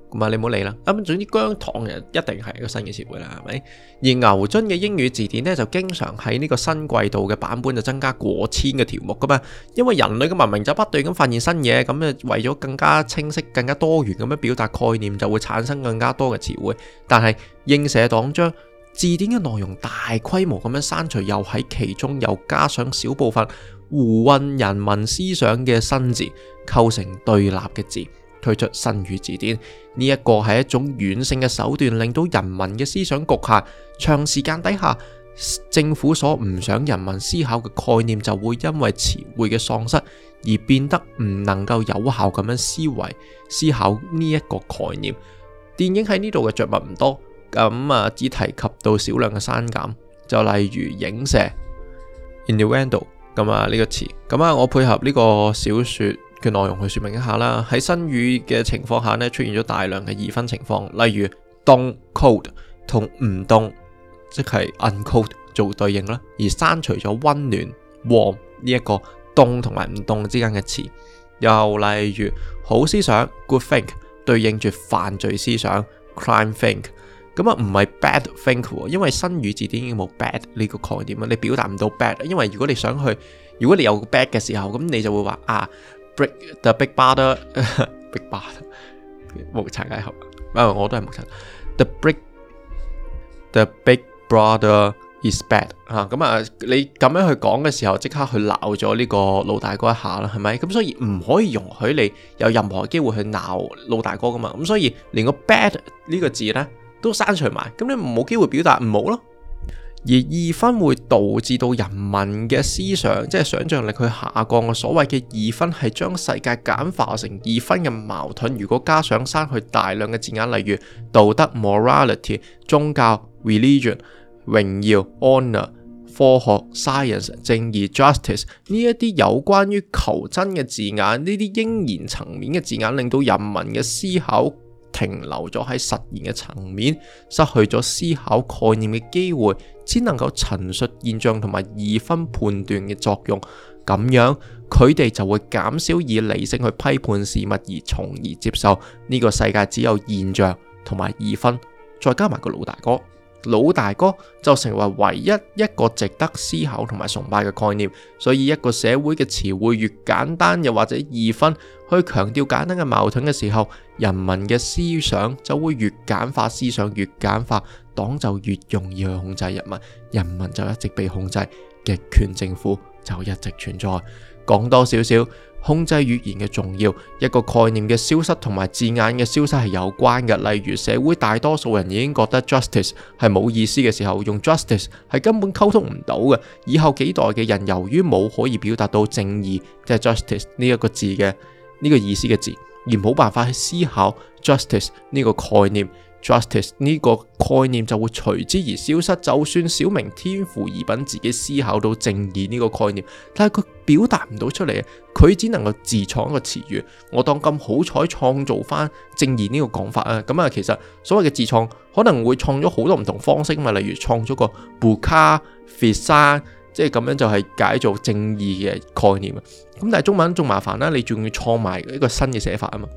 咁啊，你唔好理啦。咁總之，姜糖就一定係一個新嘅詞彙啦，係咪？而牛津嘅英語字典呢，就經常喺呢個新季度嘅版本就增加過千嘅條目噶嘛。因為人類嘅文明就不斷咁發現新嘢，咁啊為咗更加清晰、更加多元咁樣表達概念，就會產生更加多嘅詞彙。但係應社黨將字典嘅內容大規模咁樣刪除，又喺其中又加上小部分胡混人民思想嘅新字，構成對立嘅字，推出新語字典。呢一個係一種軟性嘅手段，令到人民嘅思想局限。長時間底下，政府所唔想人民思考嘅概念，就會因為詞彙嘅喪失而變得唔能夠有效咁樣思維思考呢一個概念。電影喺呢度嘅着墨唔多。咁啊，只提及到少量嘅刪減，就例如影射 innuendo 咁啊呢個詞。咁啊，我配合呢個小説嘅內容去説明一下啦。喺新語嘅情況下咧，出現咗大量嘅二分情況，例如凍 cold 同唔凍」cold, 凍，即係 uncold 做對應啦，而刪除咗温暖 warm 呢一個凍同埋唔凍之間嘅詞。又例如好思想 good think 對應住犯罪思想 crime think。咁啊，唔係 bad thing 喎，因為新語字典已經冇 bad 呢個概念啊，你表達唔到 bad，因為如果你想去，如果你有個 bad 嘅時候，咁你就會話啊，brick the big brother，big brother，木柴解合，啊，brother, brother, 我都係木柴，the brick the big brother is bad 啊，咁啊，你咁樣去講嘅時候，即刻去鬧咗呢個老大哥一下啦，係咪？咁所以唔可以容許你有任何機會去鬧老大哥噶嘛，咁所以連個 bad 呢個字呢。都刪除埋，咁你冇機會表達，唔好咯。而二分會導致到人民嘅思想，即係想像力佢下降。所謂嘅二分係將世界簡化成二分嘅矛盾。如果加上刪去大量嘅字眼，例如道德 （morality）、宗教 （religion）、榮耀 （honor）、科學 （science）、正義 （justice） 呢一啲有關於求真嘅字眼，呢啲應然層面嘅字眼，令到人民嘅思考，停留咗喺實驗嘅層面，失去咗思考概念嘅機會，只能夠陳述現象同埋二分判斷嘅作用。咁樣佢哋就會減少以理性去批判事物，而從而接受呢個世界只有現象同埋二分，再加埋個老大哥。老大哥就成為唯一一個值得思考同埋崇拜嘅概念，所以一個社會嘅詞彙越簡單又或者二分去強調簡單嘅矛盾嘅時候，人民嘅思想就會越簡化，思想越簡化，黨就越容易去控制人民，人民就一直被控制，極權政府就一直存在。講多少少。控制語言嘅重要，一個概念嘅消失同埋字眼嘅消失係有關嘅。例如，社會大多數人已經覺得 justice 係冇意思嘅時候，用 justice 係根本溝通唔到嘅。以後幾代嘅人由於冇可以表達到正義即係 justice 呢一個字嘅呢個意思嘅字，而冇辦法去思考 justice 呢個概念。Justice 呢個概念就會隨之而消失。就算小明天賦異稟，自己思考到正義呢個概念，但係佢表達唔到出嚟啊！佢只能夠自創一個詞語，我當咁好彩創造翻正義呢個講法啊！咁、嗯、啊，其實所謂嘅自創可能會創咗好多唔同方式啊嘛，例如創咗個 buka fisa，即係咁樣就係解做正義嘅概念啊！咁、嗯、但係中文仲麻煩啦，你仲要創埋一個新嘅寫法啊嘛～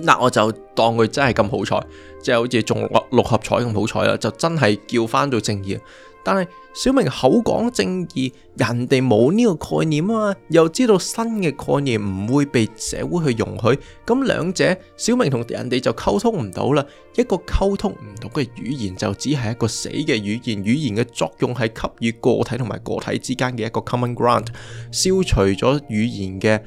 嗱，我就當佢真係咁好彩，即係好似中六合彩咁好彩啦。就真係叫翻到正義。但係小明口講正義，人哋冇呢個概念啊，又知道新嘅概念唔會被社會去容許。咁兩者小明同人哋就溝通唔到啦。一個溝通唔到嘅語言就只係一個死嘅語言。語言嘅作用係給予個體同埋個體之間嘅一個 common ground，消除咗語言嘅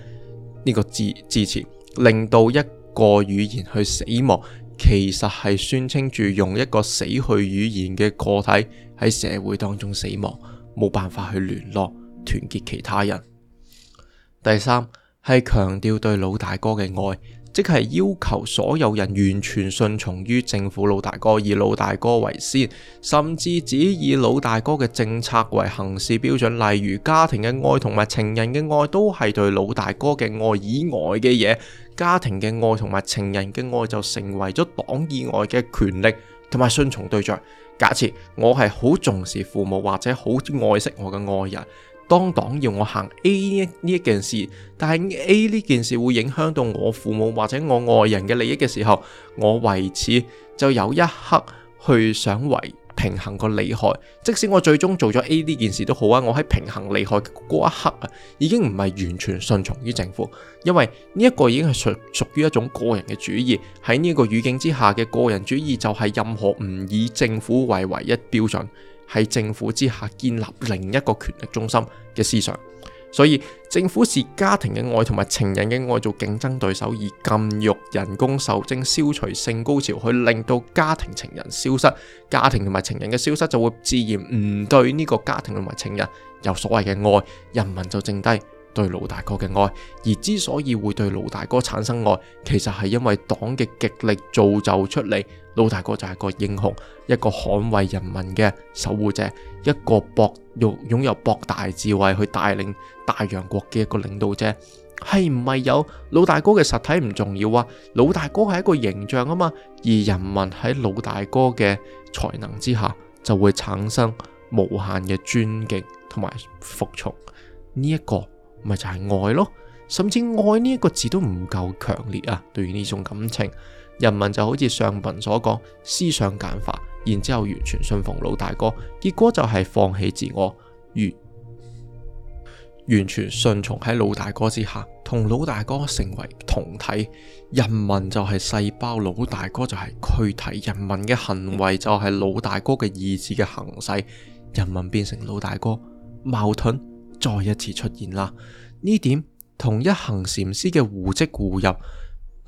呢個支支持，令到一個語言去死亡，其實係宣稱住用一個死去語言嘅個體喺社會當中死亡，冇辦法去聯絡團結其他人。第三，係強調對老大哥嘅愛。即係要求所有人完全信從於政府老大哥，以老大哥為先，甚至只以老大哥嘅政策為行事標準。例如，家庭嘅愛同埋情人嘅愛都係對老大哥嘅愛以外嘅嘢。家庭嘅愛同埋情人嘅愛就成為咗黨以外嘅權力同埋順從對象。假設我係好重視父母或者好愛惜我嘅愛人。當黨要我行 A 呢一件事，但係 A 呢件事會影響到我父母或者我愛人嘅利益嘅時候，我為此就有一刻去想為平衡個利害，即使我最終做咗 A 呢件事都好啊，我喺平衡利害嗰一刻啊，已經唔係完全順從於政府，因為呢一個已經係屬屬於一種個人嘅主義。喺呢一個語境之下嘅個人主義就係任何唔以政府為唯一標準，喺政府之下建立另一個權力中心嘅思想，所以政府視家庭嘅愛同埋情人嘅愛做競爭對手，而禁慾、人工受精、消除性高潮，去令到家庭、情人消失，家庭同埋情人嘅消失就會自然唔對呢個家庭同埋情人有所謂嘅愛，人民就剩低。對老大哥嘅愛，而之所以會對老大哥產生愛，其實係因為黨嘅極力造就出嚟。老大哥就係個英雄，一個捍衛人民嘅守護者，一個博擁擁有博大智慧去帶領大洋國嘅一個領導者，係唔係有老大哥嘅實體唔重要啊？老大哥係一個形象啊嘛，而人民喺老大哥嘅才能之下，就會產生無限嘅尊敬同埋服從呢一個。咪就係愛咯，甚至愛呢一個字都唔夠強烈啊！對於呢種感情，人民就好似上文所講思想簡化，然之後完全信奉老大哥，結果就係放棄自我，完完全順從喺老大哥之下，同老大哥成為同體。人民就係細胞，老大哥就係軀體，人民嘅行為就係老大哥嘅意志嘅行使，人民變成老大哥，矛盾。再一次出現啦，呢點同一行禪師嘅互即互入，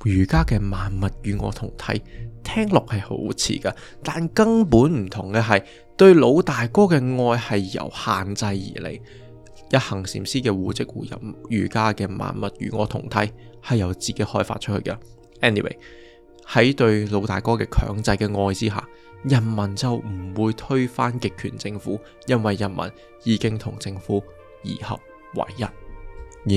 儒家嘅萬物與我同體，聽落係好似噶，但根本唔同嘅係對老大哥嘅愛係由限制而嚟，一行禪師嘅互即互入，儒家嘅萬物與我同體係由自己開發出去噶。Anyway，喺對老大哥嘅強制嘅愛之下，人民就唔會推翻極權政府，因為人民已經同政府。而合為一，而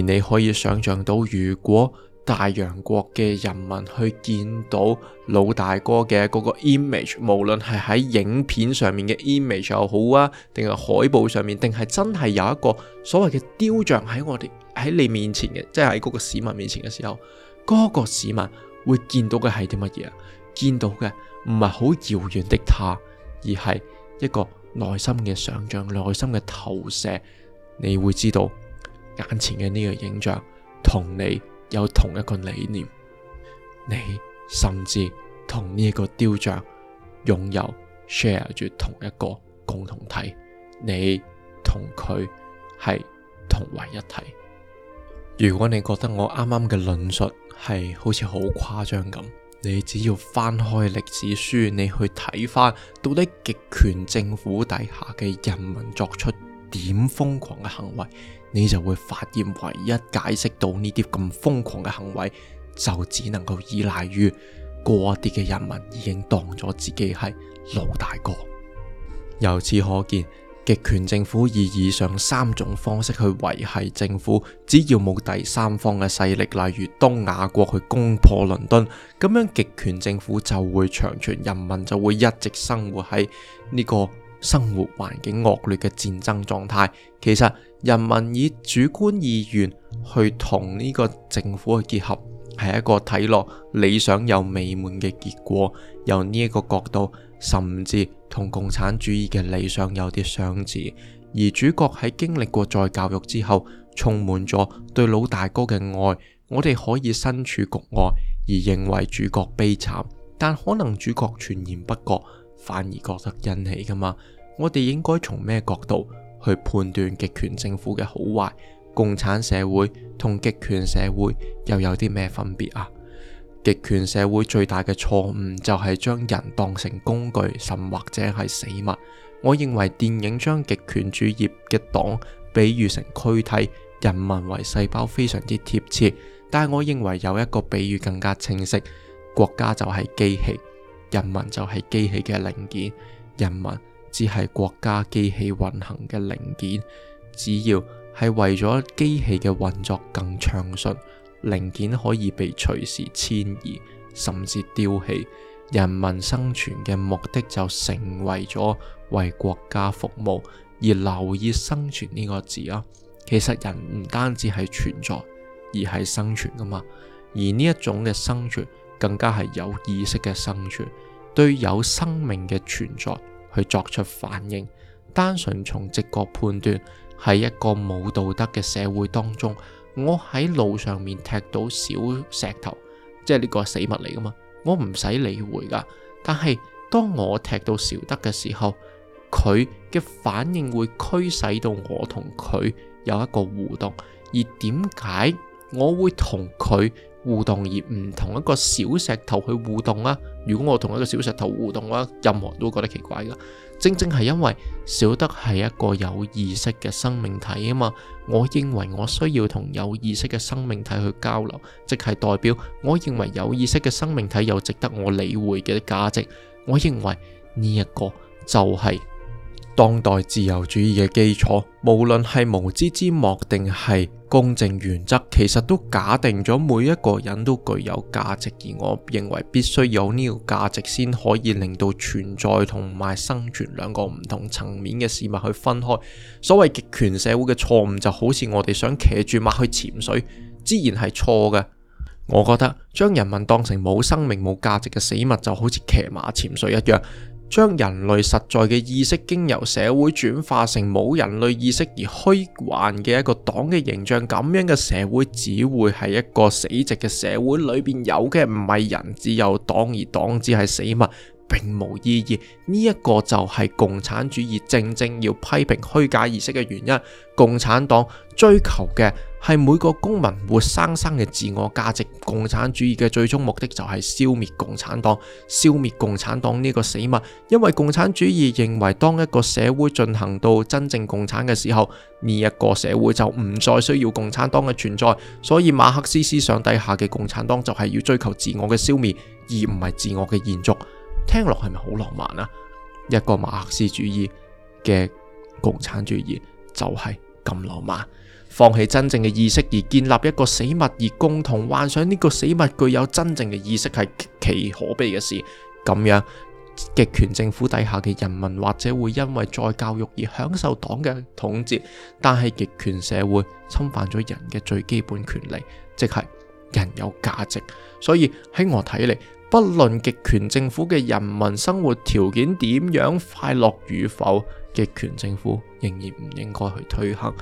你可以想象到，如果大洋國嘅人民去見到老大哥嘅嗰個 image，無論係喺影片上面嘅 image 又好啊，定係海報上面，定係真係有一個所謂嘅雕像喺我哋喺你面前嘅，即係喺嗰個市民面前嘅時候，嗰、嗰個市民會見到嘅係啲乜嘢？見到嘅唔係好遙遠的他，而係一個內心嘅想象、內心嘅投射。你會知道眼前嘅呢個影像同你有同一個理念，你甚至同呢個雕像擁有 share 住同一個共同體，你同佢係同為一體。如果你覺得我啱啱嘅論述係好似好誇張咁，你只要翻開歷史書，你去睇翻到底極權政府底下嘅人民作出點瘋狂嘅行為，你就會發現，唯一解釋到呢啲咁瘋狂嘅行為，就只能夠依賴於嗰啲嘅人民已經當咗自己係老大哥。由此可見，極權政府以以上三種方式去維繫政府，只要冇第三方嘅勢力，例如東亞國去攻破倫敦，咁樣極權政府就會長存，人民就會一直生活喺呢個。生活環境惡劣嘅戰爭狀態，其實人民以主觀意願去同呢個政府去結合，係一個睇落理想又美滿嘅結果。由呢一個角度，甚至同共產主義嘅理想有啲相似。而主角喺經歷過再教育之後，充滿咗對老大哥嘅愛。我哋可以身處局外而認為主角悲慘，但可能主角全然不覺，反而覺得引起㗎嘛？我哋應該從咩角度去判斷極權政府嘅好壞？共產社會同極權社會又有啲咩分別啊？極權社會最大嘅錯誤就係將人當成工具，甚或者係死物。我認為電影將極權主義嘅黨比喻成軀體，人民為細胞，非常之貼切。但係我認為有一個比喻更加清晰，國家就係機器。人民就係機器嘅零件，人民只係國家機器運行嘅零件。只要係為咗機器嘅運作更暢順，零件可以被隨時遷移，甚至丟棄。人民生存嘅目的就成為咗為國家服務。而留意生存呢個字啊，其實人唔單止係存在，而係生存㗎嘛。而呢一種嘅生存，更加係有意識嘅生存，對有生命嘅存在去作出反應。單純從直覺判斷，喺一個冇道德嘅社會當中，我喺路上面踢到小石頭，即係呢個係死物嚟噶嘛，我唔使理會噶。但係當我踢到小德嘅時候，佢嘅反應會驅使到我同佢有一個互動。而點解我會同佢？互動而唔同一個小石頭去互動啊！如果我同一個小石頭互動嘅話，任何人都會覺得奇怪噶。正正係因為小德係一個有意識嘅生命體啊嘛，我認為我需要同有意識嘅生命體去交流，即係代表我認為有意識嘅生命體有值得我理會嘅價值。我認為呢一個就係、是。當代自由主義嘅基礎，無論係無知之幕定係公正原則，其實都假定咗每一個人都具有價值，而我認為必須有呢個價值先可以令到存在同埋生存兩個唔同層面嘅事物去分開。所謂極權社會嘅錯誤，就好似我哋想騎住馬去潛水，自然係錯嘅。我覺得將人民當成冇生命、冇價值嘅死物，就好似騎馬潛水一樣。將人類實在嘅意識經由社會轉化成冇人類意識而虛幻嘅一個黨嘅形象，咁樣嘅社會只會係一個死寂嘅社會，裏邊有嘅唔係人，只有黨，而黨只係死物，並無意義。呢一個就係共產主義正正要批評虛假意識嘅原因，共產黨追求嘅。係每個公民活生生嘅自我價值，共產主義嘅最終目的就係消滅共產黨，消滅共產黨呢個死物，因為共產主義認為當一個社會進行到真正共產嘅時候，呢一個社會就唔再需要共產黨嘅存在，所以馬克思思想底下嘅共產黨就係要追求自我嘅消滅，而唔係自我嘅延續。聽落係咪好浪漫啊？一個馬克思主義嘅共產主義就係咁浪漫。放棄真正嘅意識而建立一個死物而共同幻想呢個死物具有真正嘅意識係極其可悲嘅事。咁樣極權政府底下嘅人民或者會因為再教育而享受黨嘅統治，但係極權社會侵犯咗人嘅最基本權利，即係人有價值。所以喺我睇嚟，不論極權政府嘅人民生活條件點樣快樂與否，極權政府仍然唔應該去推行。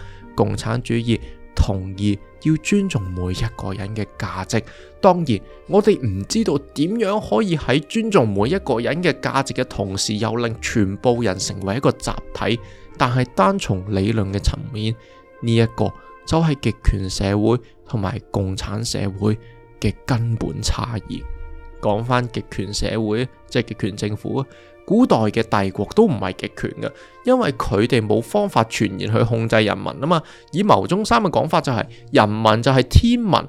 共產主義同意要尊重每一個人嘅價值，當然我哋唔知道點樣可以喺尊重每一個人嘅價值嘅同時，又令全部人成為一個集體。但係單從理論嘅層面，呢一個就係極權社會同埋共產社會嘅根本差異。講翻極權社會，即係極權政府啊！古代嘅帝國都唔係極權嘅，因為佢哋冇方法傳言去控制人民啊嘛。以毛中三嘅講法就係，人民就係天民，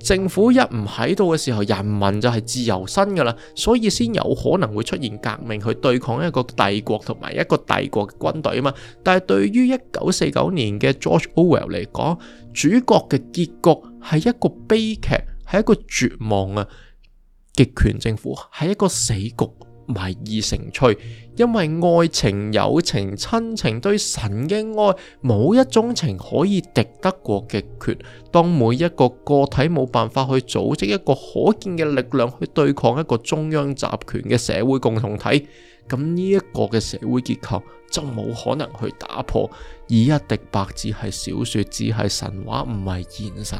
政府一唔喺度嘅時候，人民就係自由身噶啦，所以先有可能會出現革命去對抗一個帝國同埋一個帝國嘅軍隊啊嘛。但係對於一九四九年嘅 George Orwell 嚟講，主角嘅結局係一個悲劇，係一個絕望啊！極權政府係一個死局，迷而成趣，因為愛情、友情、親情、對神嘅愛，冇一種情可以敵得過極權。當每一個個體冇辦法去組織一個可見嘅力量去對抗一個中央集權嘅社會共同體，咁呢一個嘅社會結構就冇可能去打破。以一敵百只係小說，只係神話，唔係現實。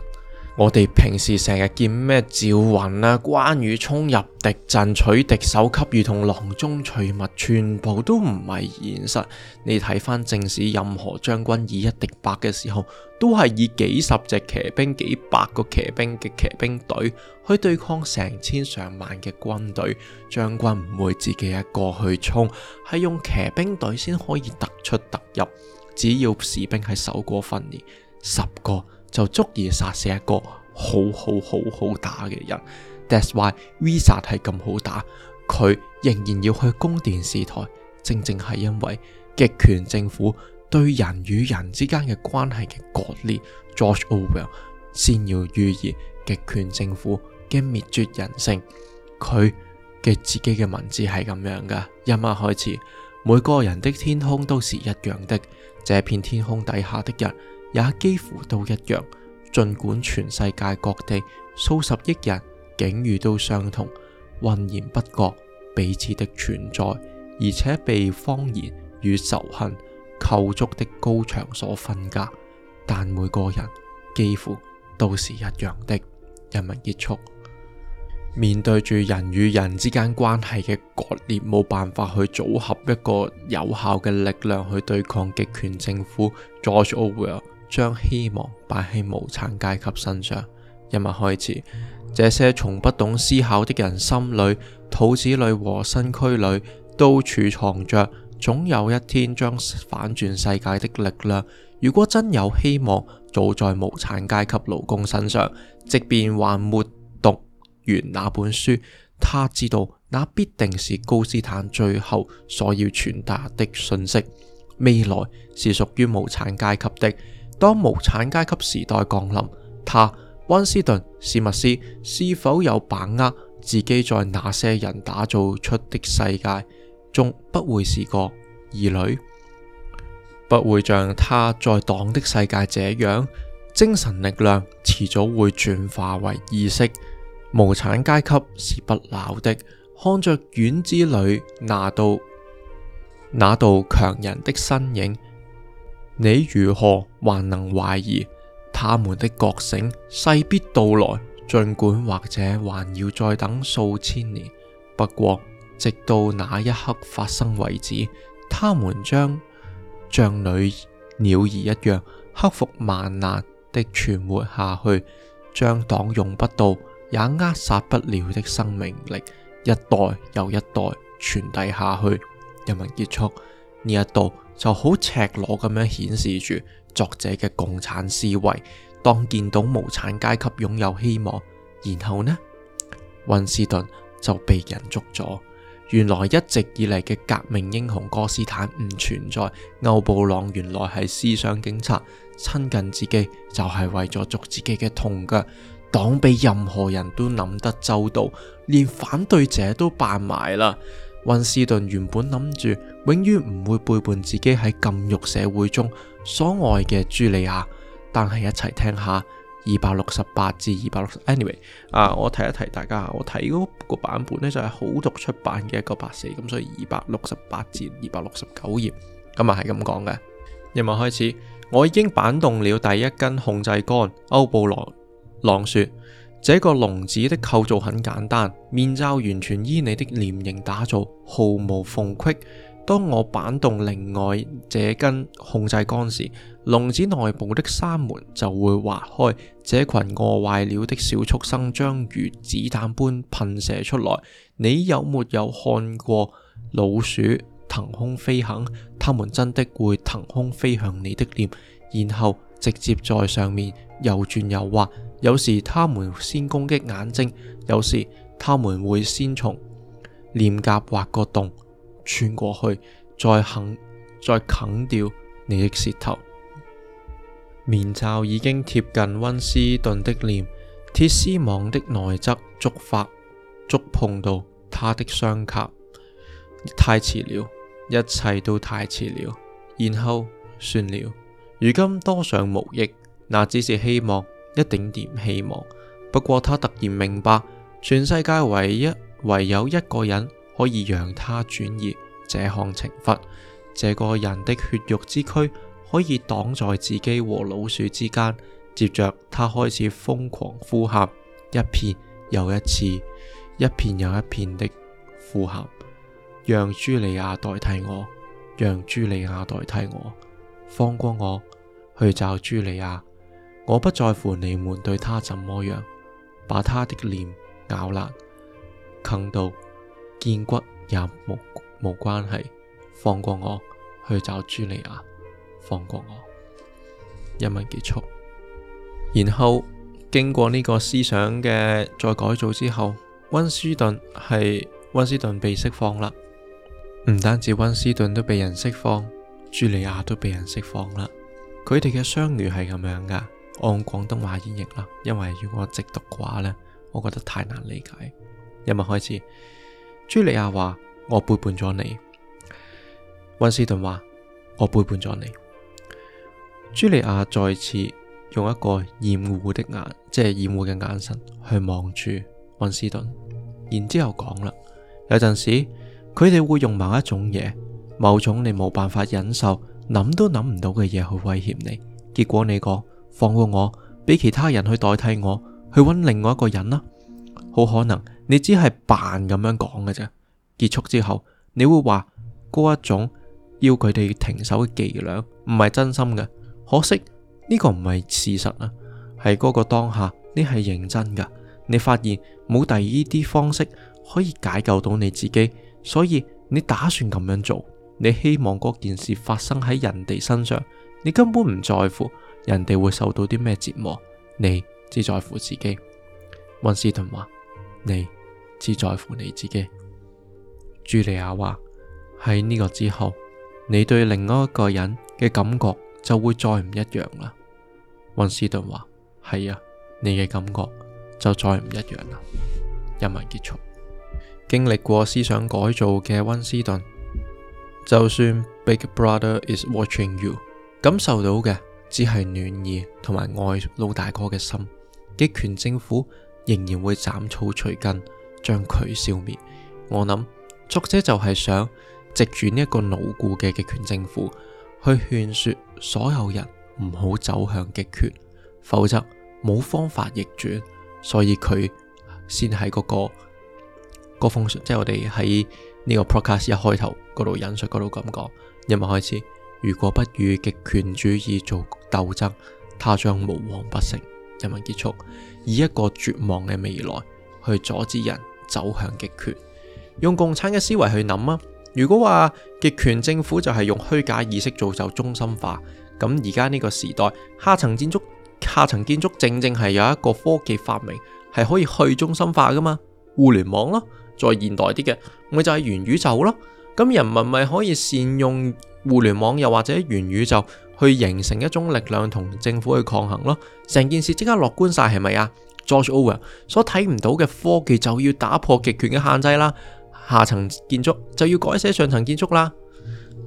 我哋平時成日見咩趙雲啊、關羽衝入敵陣取敵首級，如同囊中取物，全部都唔係現實。你睇翻正史，任何將軍以一敵百嘅時候，都係以幾十隻騎兵、幾百個騎兵嘅騎兵隊去對抗成千上萬嘅軍隊。將軍唔會自己一個去衝，係用騎兵隊先可以突出突入。只要士兵係受過訓練，十個。就足以殺死一個好好好好打嘅人。That's why Visa 係咁好打，佢仍然要去攻電視台，正正係因為極權政府對人與人之間嘅關係嘅割裂。George Orwell 先要預言極權政府嘅滅絕人性，佢嘅自己嘅文字係咁樣㗎。一晚開始，每個人的天空都是一樣的，這片天空底下的人。也幾乎都一樣，儘管全世界各地數十億人境遇都相同，混然不覺彼此的存在，而且被謊言與仇恨構築的高牆所分隔，但每個人幾乎都是一樣的人民結束。面對住人與人之間關係嘅割裂，冇辦法去組合一個有效嘅力量去對抗極權政府 George Orwell 將希望擺喺無產階級身上，因為開始，這些從不懂思考的人心裏、肚子裏和身軀裏都儲藏着，總有一天將反轉世界的力量。如果真有希望，早在無產階級勞工身上。即便還沒讀完那本書，他知道那必定是高斯坦最後所要傳達的信息。未來是屬於無產階級的。當無產階級時代降臨，他溫斯頓史密斯是否有把握自己在那些人打造出的世界仲不會是個異類？不會像他在黨的世界這樣，精神力量遲早會轉化為意識。無產階級是不老的，看着院子裡那道那道強人的身影。你如何還能懷疑他們的覺醒勢必到來？盡管或者還要再等數千年，不過直到那一刻發生為止，他們將像女鳥兒一樣克服萬難的存活下去，將黨用不到也扼殺不了的生命力一代又一代傳遞下去。人民結束呢一度。就好赤裸咁樣顯示住作者嘅共產思維。當見到無產階級擁有希望，然後呢，溫斯頓就被人捉咗。原來一直以嚟嘅革命英雄哥斯坦唔存在，歐布朗原來係思想警察，親近自己就係為咗捉自己嘅痛腳。黨比任何人都諗得周到，連反對者都扮埋啦。溫斯頓原本諗住永遠唔會背叛自己喺禁欲社會中所愛嘅茱莉亞，但係一齊聽一下二百六十八至二百六十，anyway，啊，我提一提大家，我睇嗰個版本呢就係好讀出版嘅一九八四，咁所以二百六十八至二百六十九頁咁啊係咁講嘅。今日開始，我已經扳動了第一根控制桿。歐布羅朗說。這個籠子的構造很簡單，面罩完全依你的臉型打造，毫無縫隙。當我扳動另外這根控制桿時，籠子內部的三門就會滑開，這群餓壞了的小畜生將如子彈般噴射出來。你有沒有看過老鼠騰空飛行？它們真的會騰空飛向你的臉，然後直接在上面又轉又滑。有時他們先攻擊眼睛，有時他們會先從臉頰挖個洞穿過去，再啃再啃掉你的舌頭。面罩已經貼近温斯頓的臉，鐵絲網的內側觸發觸碰到他的雙頰，太遲了，一切都太遲了。然後算了，如今多想無益，那只是希望。一丁點希望，不過他突然明白，全世界唯一唯有一個人可以讓他轉移這項懲罰，這個人的血肉之軀可以擋在自己和老鼠之間。接着，他開始瘋狂呼喊，一遍又一次，一遍又一遍的呼喊，讓朱莉亞代替我，讓朱莉亞代替我，放過我去找朱莉亞。我不在乎你們對他怎麼樣，把他的臉咬爛、啃到見骨也無無關係。放過我去找茱莉亞，放過我。一文結束，然後經過呢個思想嘅再改造之後，温斯頓係温斯頓被釋放啦。唔單止温斯頓都被人釋放，茱莉亞都被人釋放啦。佢哋嘅相遇係咁樣㗎。按廣東話演繹啦，因為如果直讀嘅話呢，我覺得太難理解。一幕開始，茱莉亞話：我背叛咗你。温斯頓話：我背叛咗你。茱莉亞再次用一個厭惡的眼，即係厭惡嘅眼神去望住温斯頓，然之後講啦：有陣時佢哋會用某一種嘢，某種你冇辦法忍受、諗都諗唔到嘅嘢去威脅你，結果你個。放過我，俾其他人去代替我去搵另外一個人啦。好可能你只係扮咁樣講嘅啫。結束之後你會話嗰一種要佢哋停手嘅伎倆唔係真心嘅，可惜呢個唔係事實啊。係嗰個當下你係認真嘅，你發現冇第二啲方式可以解救到你自己，所以你打算咁樣做，你希望嗰件事發生喺人哋身上，你根本唔在乎。人哋會受到啲咩折磨？你只在乎自己。溫斯頓話：你只在乎你自己。朱莉亞話：喺呢個之後，你對另外一個人嘅感覺就會再唔一樣啦。溫斯頓話：係啊，你嘅感覺就再唔一樣啦。一文結束。經歷過思想改造嘅溫斯頓，就算 Big Brother is watching you，感受到嘅。只係暖意同埋愛老大哥嘅心，極權政府仍然會斬草除根，將佢消滅。我諗作者就係想藉住呢一個牢固嘅極權政府，去勸說所有人唔好走向極權，否則冇方法逆轉。所以佢先喺嗰、那個嗰封信，即、那、係、個就是，我哋喺呢個 podcast 一開頭嗰度引述嗰度咁講。音樂開始。如果不與極權主義做鬥爭，他將無往不勝。人民結束以一個絕望嘅未來去阻止人走向極權，用共產嘅思維去諗啊。如果話極權政府就係用虛假意識造就中心化，咁而家呢個時代，下層建築，下層建築正正係有一個科技發明係可以去中心化噶嘛？互聯網咯，再現代啲嘅咪就係元宇宙咯。咁人民咪可以善用，互聯網又或者元宇宙去形成一種力量同政府去抗衡咯，成件事即刻樂觀晒，係咪啊？George Orwell 所睇唔到嘅科技就要打破極權嘅限制啦，下層建築就要改寫上層建築啦。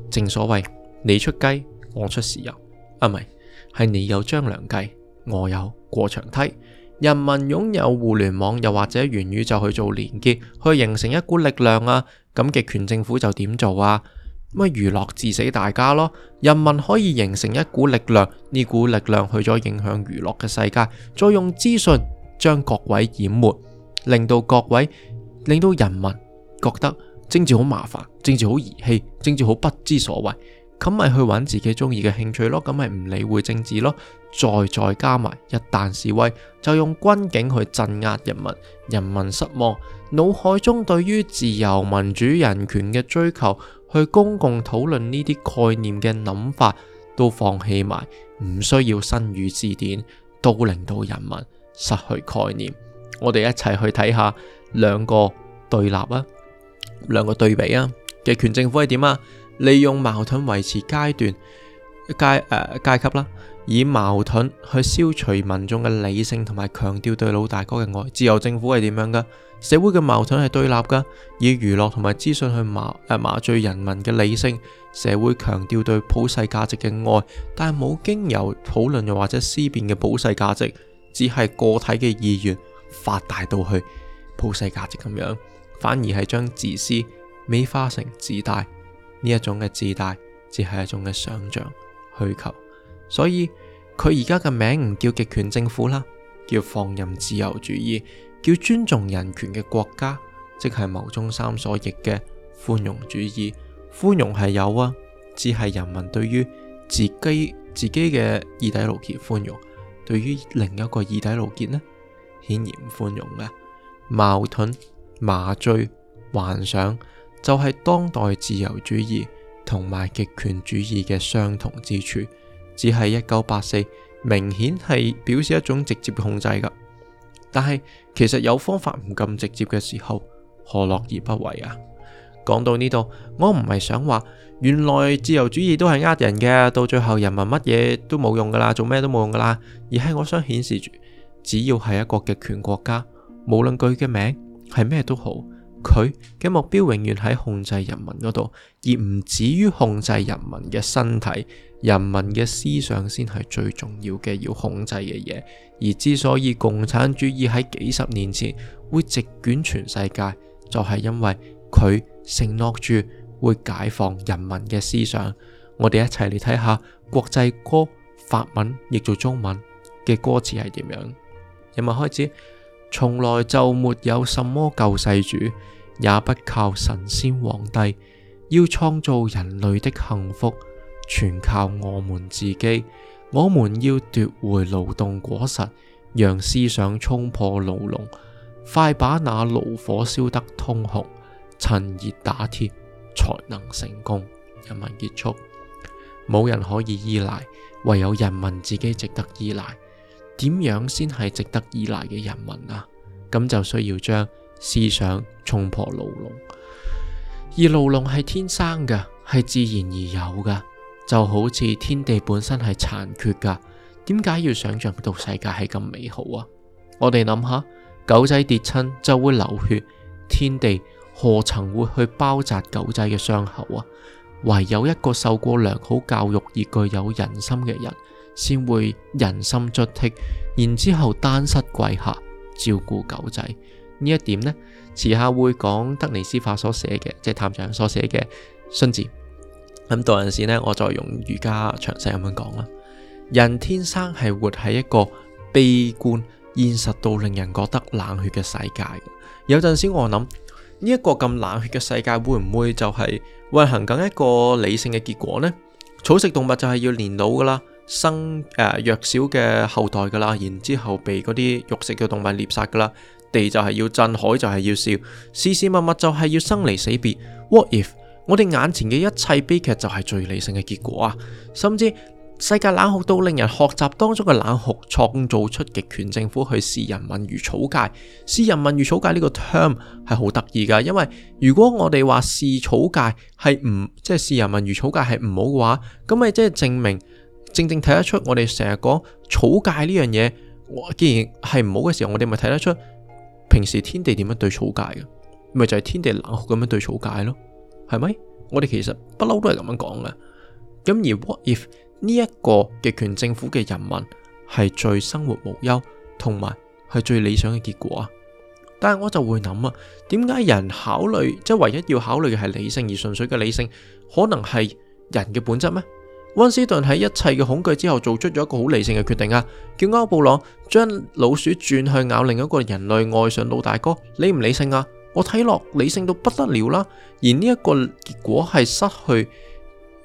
正所謂你出雞，我出豉油，啊，唔係，係你有張良計，我有過牆梯。人民擁有互聯網又或者元宇宙去做連結，去形成一股力量啊！咁極權政府就點做啊？咁啊！娛樂致死，大家咯。人民可以形成一股力量，呢股力量去咗影響娛樂嘅世界，再用資訊將各位掩沒，令到各位令到人民覺得政治好麻煩，政治好兒戲，政治好不知所謂。咁咪去揾自己中意嘅興趣咯。咁咪唔理會政治咯。再再加埋，一旦示威就用軍警去鎮壓人民，人民失望，腦海中對於自由、民主、人權嘅追求，去公共討論呢啲概念嘅諗法都放棄埋，唔需要新語字典，都令到人民失去概念。我哋一齊去睇下兩個對立啊，兩個對比啊極權政府係點啊？利用矛盾維持階段階誒階級啦。以矛盾去消除民眾嘅理性，同埋強調對老大哥嘅愛。自由政府係點樣嘅？社會嘅矛盾係對立噶，以娛樂同埋資訊去麻誒麻醉人民嘅理性。社會強調對普世價值嘅愛，但係冇經由討論又或者思辨嘅普世價值，只係個體嘅意願發大到去普世價值咁樣，反而係將自私美化成自大。呢一種嘅自大，只係一種嘅想象、需求。所以佢而家嘅名唔叫極權政府啦，叫放任自由主義，叫尊重人權嘅國家，即係牟宗三所譯嘅寬容主義。寬容係有啊，只係人民對於自己自己嘅意底牢結寬容，對於另一個意底牢結呢，顯然唔寬容嘅。矛盾、麻醉、幻想，就係當代自由主義同埋極權主義嘅相同之處。只係一九八四，明顯係表示一種直接控制噶。但係其實有方法唔咁直接嘅時候，何樂而不為啊？講到呢度，我唔係想話原來自由主義都係呃人嘅，到最後人民乜嘢都冇用噶啦，做咩都冇用噶啦。而係我想顯示住，只要係一個極權國家，無論佢嘅名係咩都好。佢嘅目標永遠喺控制人民嗰度，而唔止於控制人民嘅身體。人民嘅思想先係最重要嘅、要控制嘅嘢。而之所以共產主義喺幾十年前會席捲全世界，就係因為佢承諾住會解放人民嘅思想。我哋一齊嚟睇下國際歌法文亦做中文嘅歌詞係點樣。人民開始。從來就沒有什麼救世主，也不靠神仙皇帝，要創造人類的幸福，全靠我們自己。我們要奪回勞動果實，讓思想衝破牢籠，快把那爐火燒得通紅，趁熱打鐵，才能成功。人民結束。冇人可以依賴，唯有人民自己值得依賴。點樣先係值得依賴嘅人民啊？咁就需要將思想衝破牢籠，而牢籠係天生嘅，係自然而有嘅。就好似天地本身係殘缺噶點解要想象到世界係咁美好啊？我哋諗下，狗仔跌親就會流血，天地何曾會去包紮狗仔嘅傷口啊？唯有一個受過良好教育而具有人心嘅人。先會人心怵惕，然之後單膝跪下照顧狗仔呢一點呢？遲下會講德尼斯法所寫嘅，即係探長所寫嘅荀子。咁到陣時呢，我再用瑜伽詳細咁樣講啦。人天生係活喺一個悲觀現實到令人覺得冷血嘅世界。有陣時我諗呢一個咁冷血嘅世界會唔會就係運行緊一個理性嘅結果呢？草食動物就係要練腦噶啦。生誒、呃、弱小嘅後代噶啦，然之後被嗰啲肉食嘅動物獵殺噶啦。地就係要震，海就係要笑，事事物物就係要生離死別。What if 我哋眼前嘅一切悲劇就係最理性嘅結果啊？甚至世界冷酷到令人學習當中嘅冷酷，創造出極權政府去視人民如草芥。視人民如草芥呢個 term 係好得意噶，因為如果我哋話視草芥係唔即係視人民如草芥係唔好嘅話，咁咪即係證明。正正睇得出，我哋成日講草芥呢樣嘢，我既然係唔好嘅時候，我哋咪睇得出平時天地點樣對草芥嘅，咪就係天地冷酷咁樣對草芥咯，係咪？我哋其實不嬲都係咁樣講嘅。咁而 what if 呢一個極權政府嘅人民係最生活無憂，同埋係最理想嘅結果啊？但係我就會諗啊，點解人考慮即係唯一要考慮嘅係理性而純粹嘅理性，可能係人嘅本質咩？溫斯頓喺一切嘅恐懼之後，做出咗一個好理性嘅決定啊！叫歐布朗將老鼠轉去咬另一個人類，愛上老大哥，你唔理性啊？我睇落理性到不得了啦，而呢一個結果係失去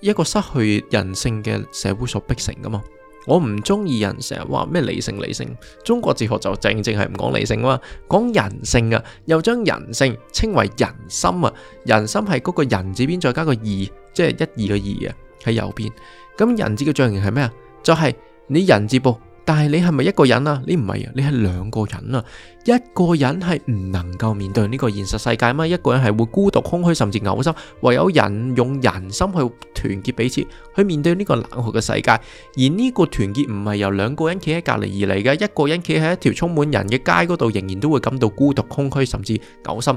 一個失去人性嘅社會所逼成噶嘛。我唔中意人成日話咩理性理性，中國哲學就正正係唔講理性啊，講人性啊，又將人性稱為人心啊，人心係嗰個人字邊再加個「二」，即係一二嘅「二」啊。喺右邊，咁人字嘅象形係咩啊？就係你人字噃，但係你係咪一個人啊？你唔係啊，你係兩個人啊。一個人係唔能夠面對呢個現實世界咩？一個人係會孤獨、空虛，甚至嘔心。唯有人用人心去團結彼此，去面對呢個冷酷嘅世界。而呢個團結唔係由兩個人企喺隔籬而嚟嘅，一個人企喺一條充滿人嘅街嗰度，仍然都會感到孤獨、空虛，甚至嘔心。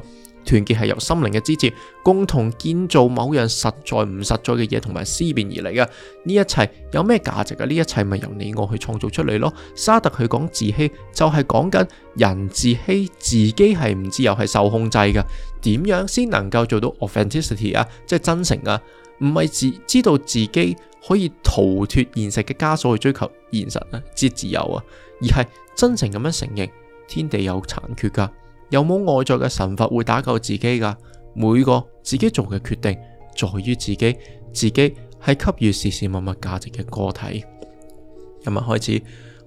團結係由心靈嘅支持，共同建造某樣實在唔實在嘅嘢，同埋思辨而嚟嘅。呢一切有咩價值啊？呢一切咪由你我去創造出嚟咯。沙特佢講自欺，就係講緊人自欺，自己係唔自由，係受控制嘅。點樣先能夠做到 authenticity 啊？即係真誠啊？唔係自知道自己可以逃脫現實嘅枷鎖去追求現實啊、即自由啊，而係真誠咁樣承認天地有殘缺噶、啊。有冇外在嘅神佛會打救自己噶？每個自己做嘅決定，在於自己。自己係給予事事物物價值嘅個體。今日開始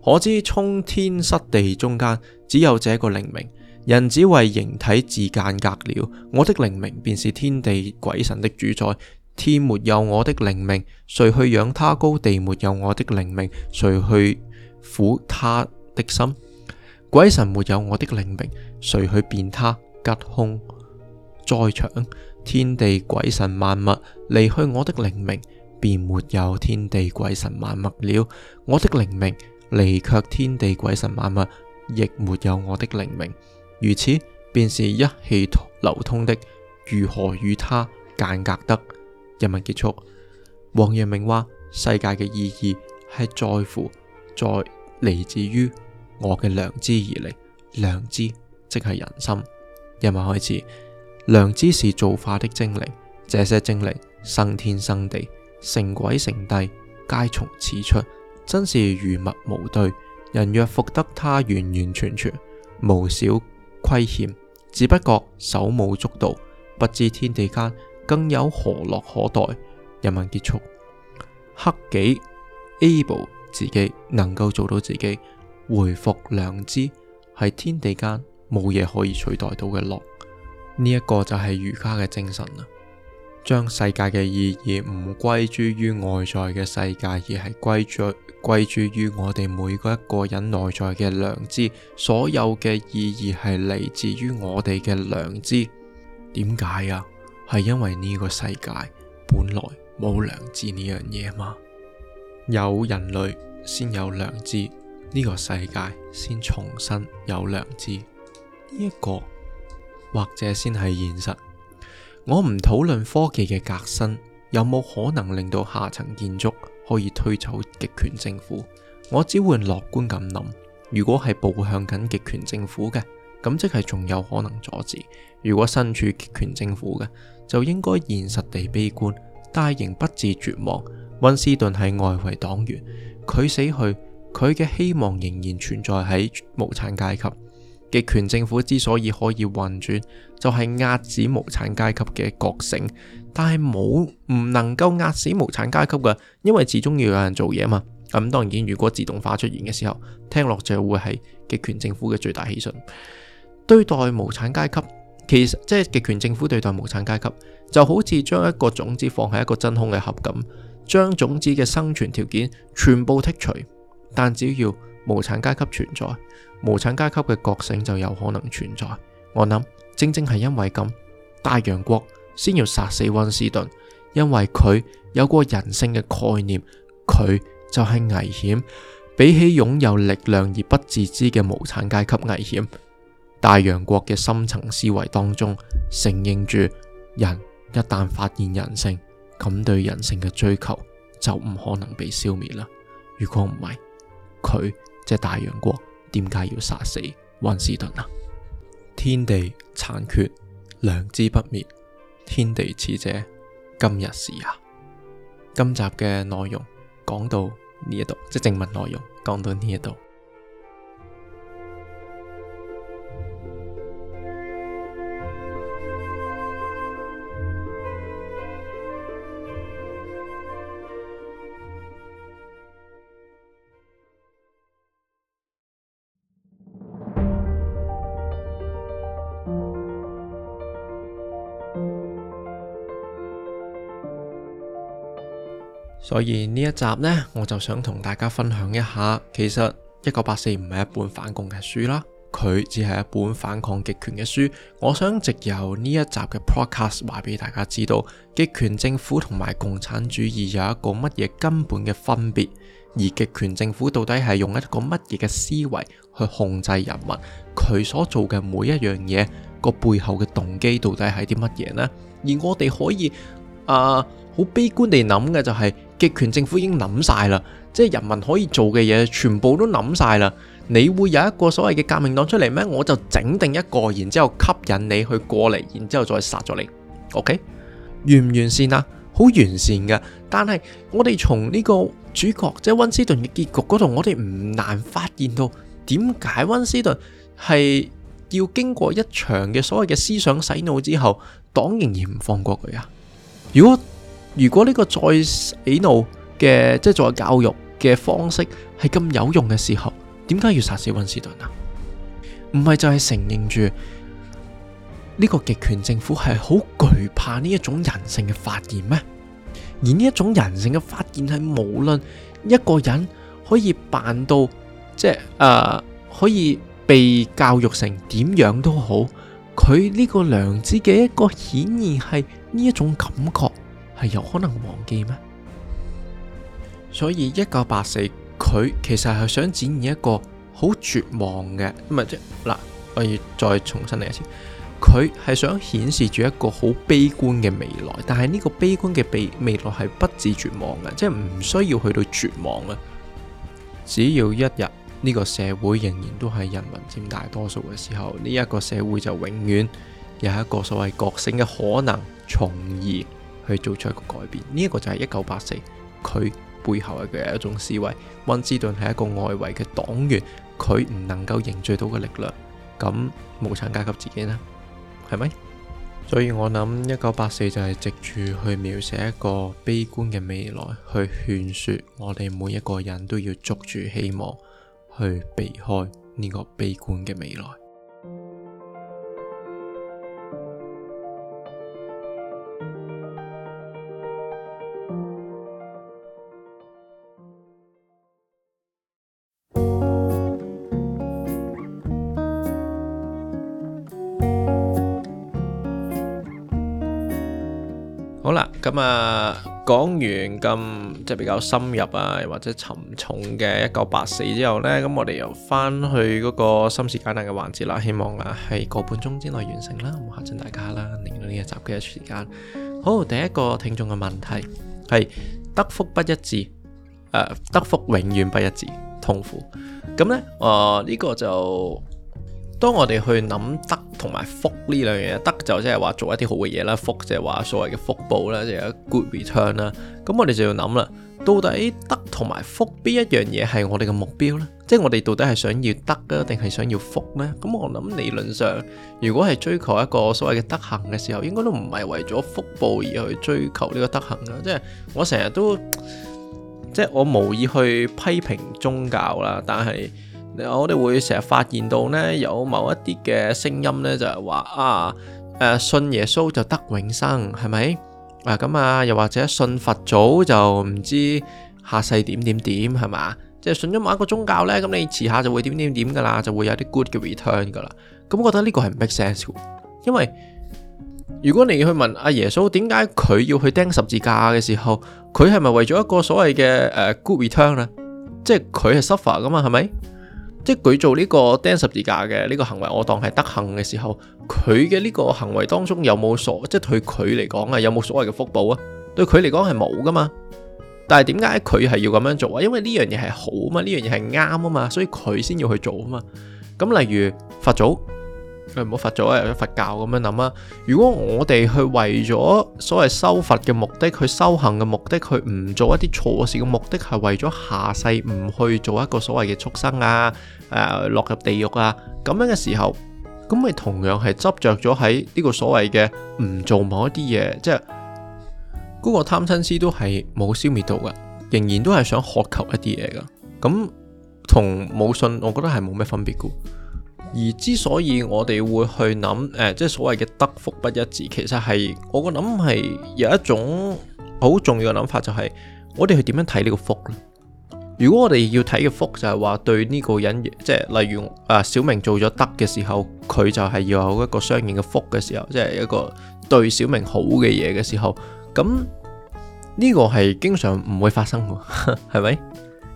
可知，沖天失地中間，只有這個靈明。人只為形體自間隔了。我的靈明便是天地鬼神的主宰。天沒有我的靈明，誰去仰他高？地沒有我的靈明，誰去撫他的心？鬼神沒有我的靈明，誰去辨他吉凶災祥？天地鬼神萬物離開我的靈明，便沒有天地鬼神萬物了。我的靈明離卻天地鬼神萬物，亦沒有我的靈明。如此便是一氣流通的，如何與他間隔得？人民結束。王陽明話：世界嘅意義係在乎在嚟自於。我嘅良知而嚟，良知即係人心。日文開始，良知是造化的精靈，這些精靈生天生地成鬼成帝，皆從此出，真是如物無對。人若復得他完完全全，無少虧欠，只不過手舞足蹈，不知天地間更有何樂可待。日文結束，克己，able 自己能夠做到自己。回復良知係天地間冇嘢可以取代到嘅樂，呢、這、一個就係儒家嘅精神啦。將世界嘅意義唔歸諸於外在嘅世界，而係歸在歸諸於我哋每個一個人內在嘅良知。所有嘅意義係嚟自於我哋嘅良知。點解啊？係因為呢個世界本來冇良知呢樣嘢嘛。有人類先有良知。呢個世界先重新有良知，呢一個或者先係現實。我唔討論科技嘅革新有冇可能令到下層建築可以推走極權政府。我只會樂觀咁諗，如果係步向緊極權政府嘅，咁即係仲有可能阻止；如果身處極權政府嘅，就應該現實地悲觀，但係仍不至絕望。溫斯頓係外圍黨員，佢死去。佢嘅希望仍然存在喺無產階級。極權政府之所以可以運轉，就係壓止無產階級嘅覺醒。但係冇唔能夠壓死無產階級㗎，因為始終要有人做嘢嘛。咁當然，如果自動化出現嘅時候，聽落就會係極權政府嘅最大喜訊。對待無產階級，其實即係極權政府對待無產階級，就好似將一個種子放喺一個真空嘅盒咁，將種子嘅生存條件全部剔除。但只要無產階級存在，無產階級嘅覺醒就有可能存在。我諗，正正係因為咁，大洋國先要殺死溫斯頓，因為佢有個人性嘅概念，佢就係危險。比起擁有力量而不自知嘅無產階級危險，大洋國嘅深層思維當中承認住人一旦發現人性，咁對人性嘅追求就唔可能被消滅啦。如果唔係，佢即係大洋國，點解要殺死溫斯頓啊？天地殘缺，良知不滅，天地始者，今日是也。今集嘅內容講到呢一度，即係正文內容講到呢一度。所以呢一集呢，我就想同大家分享一下，其實《一九八四》唔係一本反共嘅書啦，佢只係一本反抗極權嘅書。我想藉由呢一集嘅 podcast 話俾大家知道，極權政府同埋共產主義有一個乜嘢根本嘅分別，而極權政府到底係用一個乜嘢嘅思維去控制人民，佢所做嘅每一樣嘢個背後嘅動機到底係啲乜嘢呢？而我哋可以啊，好、呃、悲觀地諗嘅就係、是。極權政府已經諗晒啦，即係人民可以做嘅嘢，全部都諗晒啦。你會有一個所謂嘅革命黨出嚟咩？我就整定一個，然之後吸引你去過嚟，然之後再殺咗你。OK，完唔完善啊？好完善㗎。但係我哋從呢個主角，即係温斯頓嘅結局嗰度，我哋唔難發現到點解温斯頓係要經過一場嘅所謂嘅思想洗腦之後，黨仍然唔放過佢啊？如果如果呢個再洗腦嘅，即係再教育嘅方式係咁有用嘅時候，點解要殺死溫斯頓啊？唔係就係承認住呢個極權政府係好懼怕呢一種人性嘅發現咩？而呢一種人性嘅發現係無論一個人可以扮到，即係誒可以被教育成點樣都好，佢呢個良知嘅一個顯然係呢一種感覺。係有可能忘記咩？所以一九八四佢其實係想展現一個好絕望嘅咪即嗱，我要再重新嚟一次，佢係想顯示住一個好悲觀嘅未來，但係呢個悲觀嘅未未來係不至絕望嘅，即係唔需要去到絕望嘅。只要一日呢個社會仍然都係人民佔大多數嘅時候，呢一個社會就永遠有一個所謂覺醒嘅可能，從而，去做出一個改變，呢一個就係一九八四佢背後嘅一種思維。溫斯頓係一個外圍嘅黨員，佢唔能夠凝聚到嘅力量，咁無產階級自己呢？係咪？所以我諗一九八四就係藉住去描寫一個悲觀嘅未來，去勸說我哋每一個人都要捉住希望，去避開呢個悲觀嘅未來。咁啊，講完咁即係比較深入啊，或者沉重嘅一九八四之後咧，咁我哋又翻去嗰個心思簡單嘅環節啦。希望啊，喺個半鐘之內完成啦，咁嚇親大家啦，利用呢一集嘅時間。好，第一個聽眾嘅問題係得福不一致，誒，得福永遠不一致，痛苦。咁咧，誒呢個就。當我哋去諗德同埋福呢兩樣嘢，德就即係話做一啲好嘅嘢啦，福就係話所謂嘅福報啦，即係 good return 啦。咁我哋就要諗啦，到底德同埋福邊一樣嘢係我哋嘅目標呢？即係我哋到底係想要德啊，定係想要福呢？咁我諗理論上，如果係追求一個所謂嘅德行嘅時候，應該都唔係為咗福報而去追求呢個德行嘅。即係我成日都即係我無意去批評宗教啦，但係。我哋會成日發現到呢，有某一啲嘅聲音呢，就係話啊，誒，信耶穌就得永生，係咪啊？咁啊，又或者信佛祖就唔知下世點點點係咪？即係信咗某一個宗教呢，咁你遲下就會點點點噶啦，就會有啲 good 嘅 return 噶啦。咁我覺得呢個係唔 make sense 嘅，因為如果你要去問阿耶穌點解佢要去釘十字架嘅時候，佢係咪為咗一個所謂嘅誒 good return 呢？即係佢係 suffer 噶嘛，係咪？即係佢做呢個釘十字架嘅呢個行為，我當係德行嘅時候，佢嘅呢個行為當中有冇所即係對佢嚟講啊，有冇所謂嘅福報啊？對佢嚟講係冇噶嘛。但係點解佢係要咁樣做啊？因為呢樣嘢係好啊嘛，呢樣嘢係啱啊嘛，所以佢先要去做啊嘛。咁例如佛祖。佢唔好佛咗啊，有啲佛教咁樣諗啊。如果我哋去為咗所謂修佛嘅目的，去修行嘅目的，去唔做一啲錯事嘅目的，係為咗下世唔去做一個所謂嘅畜生啊，誒、呃，落入地獄啊，咁樣嘅時候，咁咪同樣係執着咗喺呢個所謂嘅唔做某一啲嘢，即係嗰、嗰個貪嗔癡都係冇消滅到噶，仍然都係想渴求一啲嘢噶。咁同冇信，我覺得係冇咩分別噶。而之所以我哋會去諗，誒、呃，即係所謂嘅德福不一致，其實係我個諗係有一種好重要嘅諗法，就係我哋去點樣睇呢個福呢？如果我哋要睇嘅福就係話對呢個人，即係例如啊、呃、小明做咗德嘅時候，佢就係要有一個相應嘅福嘅時候，即係一個對小明好嘅嘢嘅時候，咁呢個係經常唔會發生嘅，係 咪？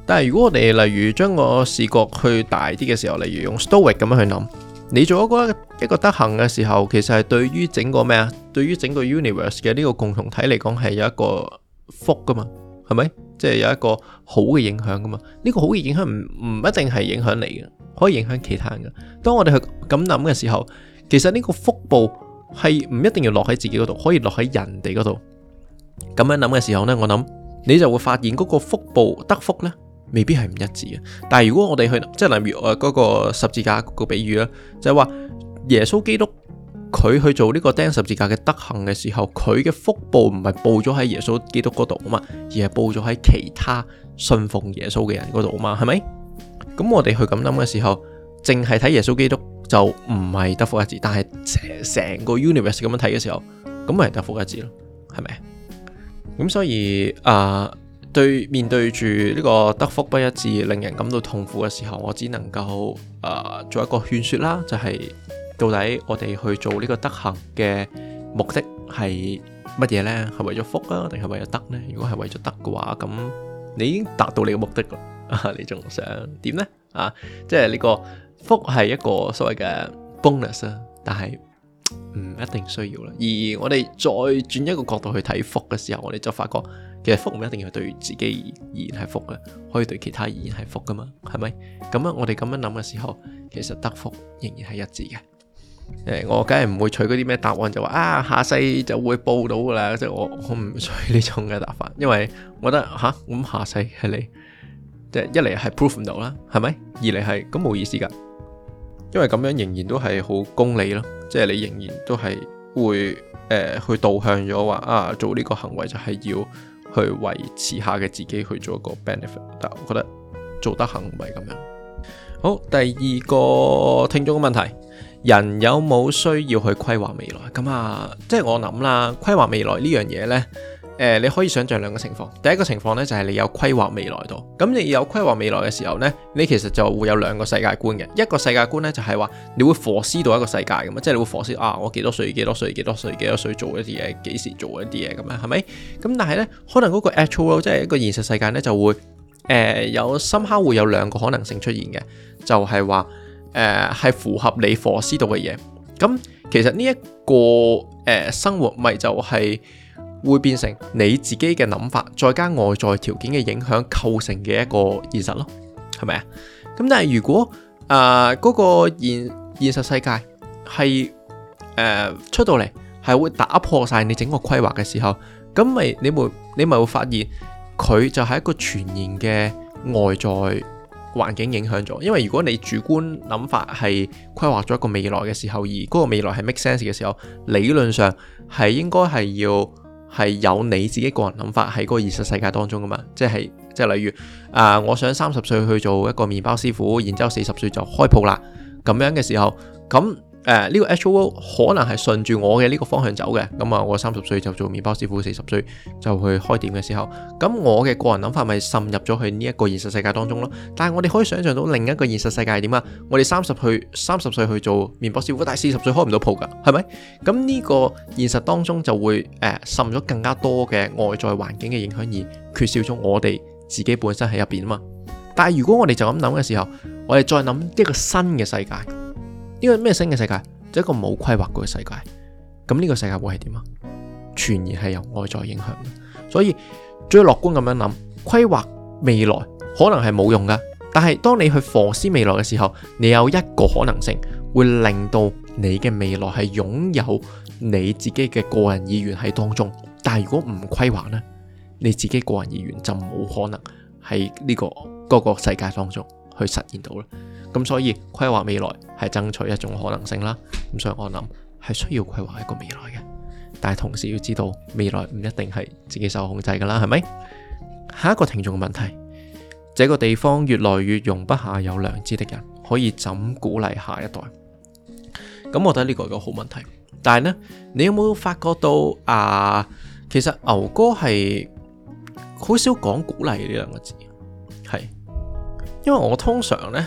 但係，如果我哋例如將個視覺去大啲嘅時候，例如用 Stoic 咁樣去諗，你做一個一個德行嘅時候，其實係對於整個咩啊？對於整個 universe 嘅呢個共同體嚟講係有一個福㗎嘛？係咪？即係有一個好嘅影響㗎嘛？呢個好嘅影響唔唔一定係影響你嘅，可以影響其他人嘅。當我哋去咁諗嘅時候，其實呢個福報係唔一定要落喺自己嗰度，可以落喺人哋嗰度。咁樣諗嘅時候呢，我諗你就會發現嗰個福報得福呢，未必係唔一致嘅，但係如果我哋去即係例如誒嗰個十字架個比喻啦，就係話耶穌基督佢去做呢個釘十字架嘅德行嘅時候，佢嘅福報唔係報咗喺耶穌基督嗰度啊嘛，而係報咗喺其他信奉耶穌嘅人嗰度啊嘛，係咪？咁我哋去咁諗嘅時候，淨係睇耶穌基督就唔係得福一致，但係成成個 universe 咁樣睇嘅時候，咁咪係得福一致咯，係咪？咁所以啊。對面對住呢個德福不一致，令人感到痛苦嘅時候，我只能夠誒、呃、做一個勸說啦，就係、是、到底我哋去做呢個德行嘅目的係乜嘢呢？係為咗福啊，定係為咗德呢？如果係為咗德嘅話，咁你已經達到你嘅目的啦， 你仲想點呢？啊，即係呢個福係一個所謂嘅 bonus 啊，但係唔一定需要啦。而我哋再轉一個角度去睇福嘅時候，我哋就發覺。其實福唔一定要對自己而言福嘅，可以對其他而言福噶嘛？係咪咁啊？我哋咁樣諗嘅時候，其實得福仍然係一致嘅。誒，我梗係唔會取嗰啲咩答案，就話啊下世就會報到噶啦。即係我我唔取呢種嘅答法，因為我覺得吓咁下世係你，即係一嚟係 proof 唔到啦，係咪？二嚟係咁冇意思噶，因為咁樣仍然都係好功利咯。即係你仍然都係會誒去導向咗話啊，做呢個行為就係要。去維持下嘅自己去做一個 benefit，但我覺得做得行唔係咁樣。好，第二個聽眾嘅問題，人有冇需要去規劃未來？咁啊，即係我諗啦，規劃未來呢樣嘢呢。誒、呃，你可以想象兩個情況，第一個情況咧就係、是、你有規劃未來度，咁你有規劃未來嘅時候呢，你其實就會有兩個世界觀嘅，一個世界觀呢，就係、是、話你會 foresee 到一個世界咁啊，即係你會 foresee 啊，我幾多歲幾多歲幾多歲幾多歲做一啲嘢，幾時做一啲嘢咁啊，係咪？咁但係呢，可能嗰個 actual 即係一個現實世界呢，就會誒、呃、有深刻會有兩個可能性出現嘅，就係話誒係符合你 foresee 到嘅嘢，咁其實呢、這、一個誒、呃、生活咪就係、是。就是會變成你自己嘅諗法，再加外在條件嘅影響構成嘅一個現實咯，係咪啊？咁但係如果誒嗰個現現實世界係誒出到嚟，係會打破晒你整個規劃嘅時候，咁咪你會你咪會發現佢就係一個全然嘅外在環境影響咗。因為如果你主觀諗法係規劃咗一個未來嘅時候，而嗰個未來係 make sense 嘅時候，理論上係應該係要。係有你自己個人諗法喺嗰個現實世界當中㗎嘛？即係即係例如啊、呃，我想三十歲去做一個麵包師傅，然之後四十歲就開鋪啦。咁樣嘅時候咁。誒呢個 H.O. 可能係順住我嘅呢個方向走嘅，咁啊，我三十歲就做麵包師傅，四十歲就去開店嘅時候，咁我嘅個人諗法咪滲入咗去呢一個現實世界當中咯。但係我哋可以想像到另一個現實世界係點啊？我哋三十去三十歲去做麵包師傅，但係四十歲開唔到鋪㗎，係咪？咁呢個現實當中就會誒滲咗更加多嘅外在環境嘅影響，而缺少咗我哋自己本身喺入邊啊嘛。但係如果我哋就咁諗嘅時候，我哋再諗一個新嘅世界。呢個咩新嘅世界？就係、一個冇規劃過嘅世界，咁呢個世界會係點啊？全然係由外在影響，所以最樂觀咁樣諗，規劃未來可能係冇用噶。但係當你去 foresee 未來嘅時候，你有一個可能性會令到你嘅未來係擁有你自己嘅個人意願喺當中。但係如果唔規劃呢，你自己個人意願就冇可能喺呢、呢個各、嗰個世界當中去實現到啦。咁所以規劃未來係爭取一種可能性啦，咁所以我諗係需要規劃一個未來嘅，但係同時要知道未來唔一定係自己受控制噶啦，係咪？下一個聽眾嘅問題，這個地方越來越容不下有良知的人，可以怎鼓勵下一代？咁、嗯、我覺得呢個係一個好問題，但係呢，你有冇發覺到啊、呃？其實牛哥係好少講鼓勵呢兩個字，係，因為我通常呢。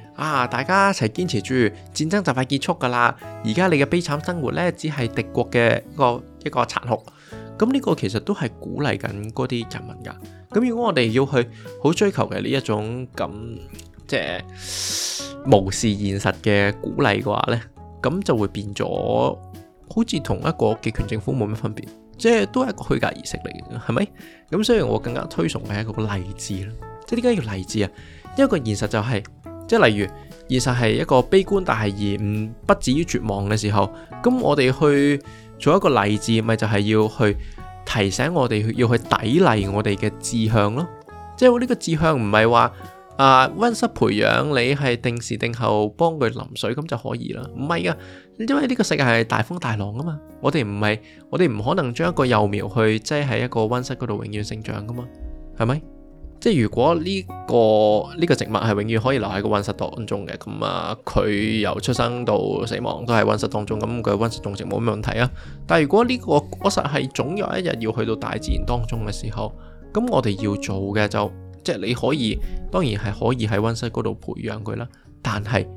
啊！大家一齊堅持住，戰爭就快結束噶啦。而家你嘅悲慘生活呢，只係敵國嘅一個一個殘酷。咁呢個其實都係鼓勵緊嗰啲人民噶。咁如果我哋要去好追求嘅呢一種咁即係無視現實嘅鼓勵嘅話呢，咁就會變咗好似同一個極權政府冇乜分別，即係都係一個虛假儀式嚟嘅，係咪？咁所以我更加推崇係一個勵志啦。即係點解要勵志啊？因為個現實就係、是。即係例如，現實係一個悲觀，但係而唔不至於絕望嘅時候，咁我哋去做一個例子，咪就係要去提醒我哋要去砥礪我哋嘅志向咯。即係呢個志向唔係話啊温室培養，你係定時定候幫佢淋水咁就可以啦。唔係噶，因為呢個世界係大風大浪吖嘛，我哋唔係，我哋唔可能將一個幼苗去擠喺一個温室嗰度永遠成長噶嘛，係咪？即係如果呢個呢個植物係永遠可以留喺個溫室當中嘅，咁啊佢由出生到死亡都係溫室當中，咁佢溫室種植冇咩問題啊。但係如果呢個果實係總有一日要去到大自然當中嘅時候，咁我哋要做嘅就是，即係你可以當然係可以喺溫室嗰度培養佢啦，但係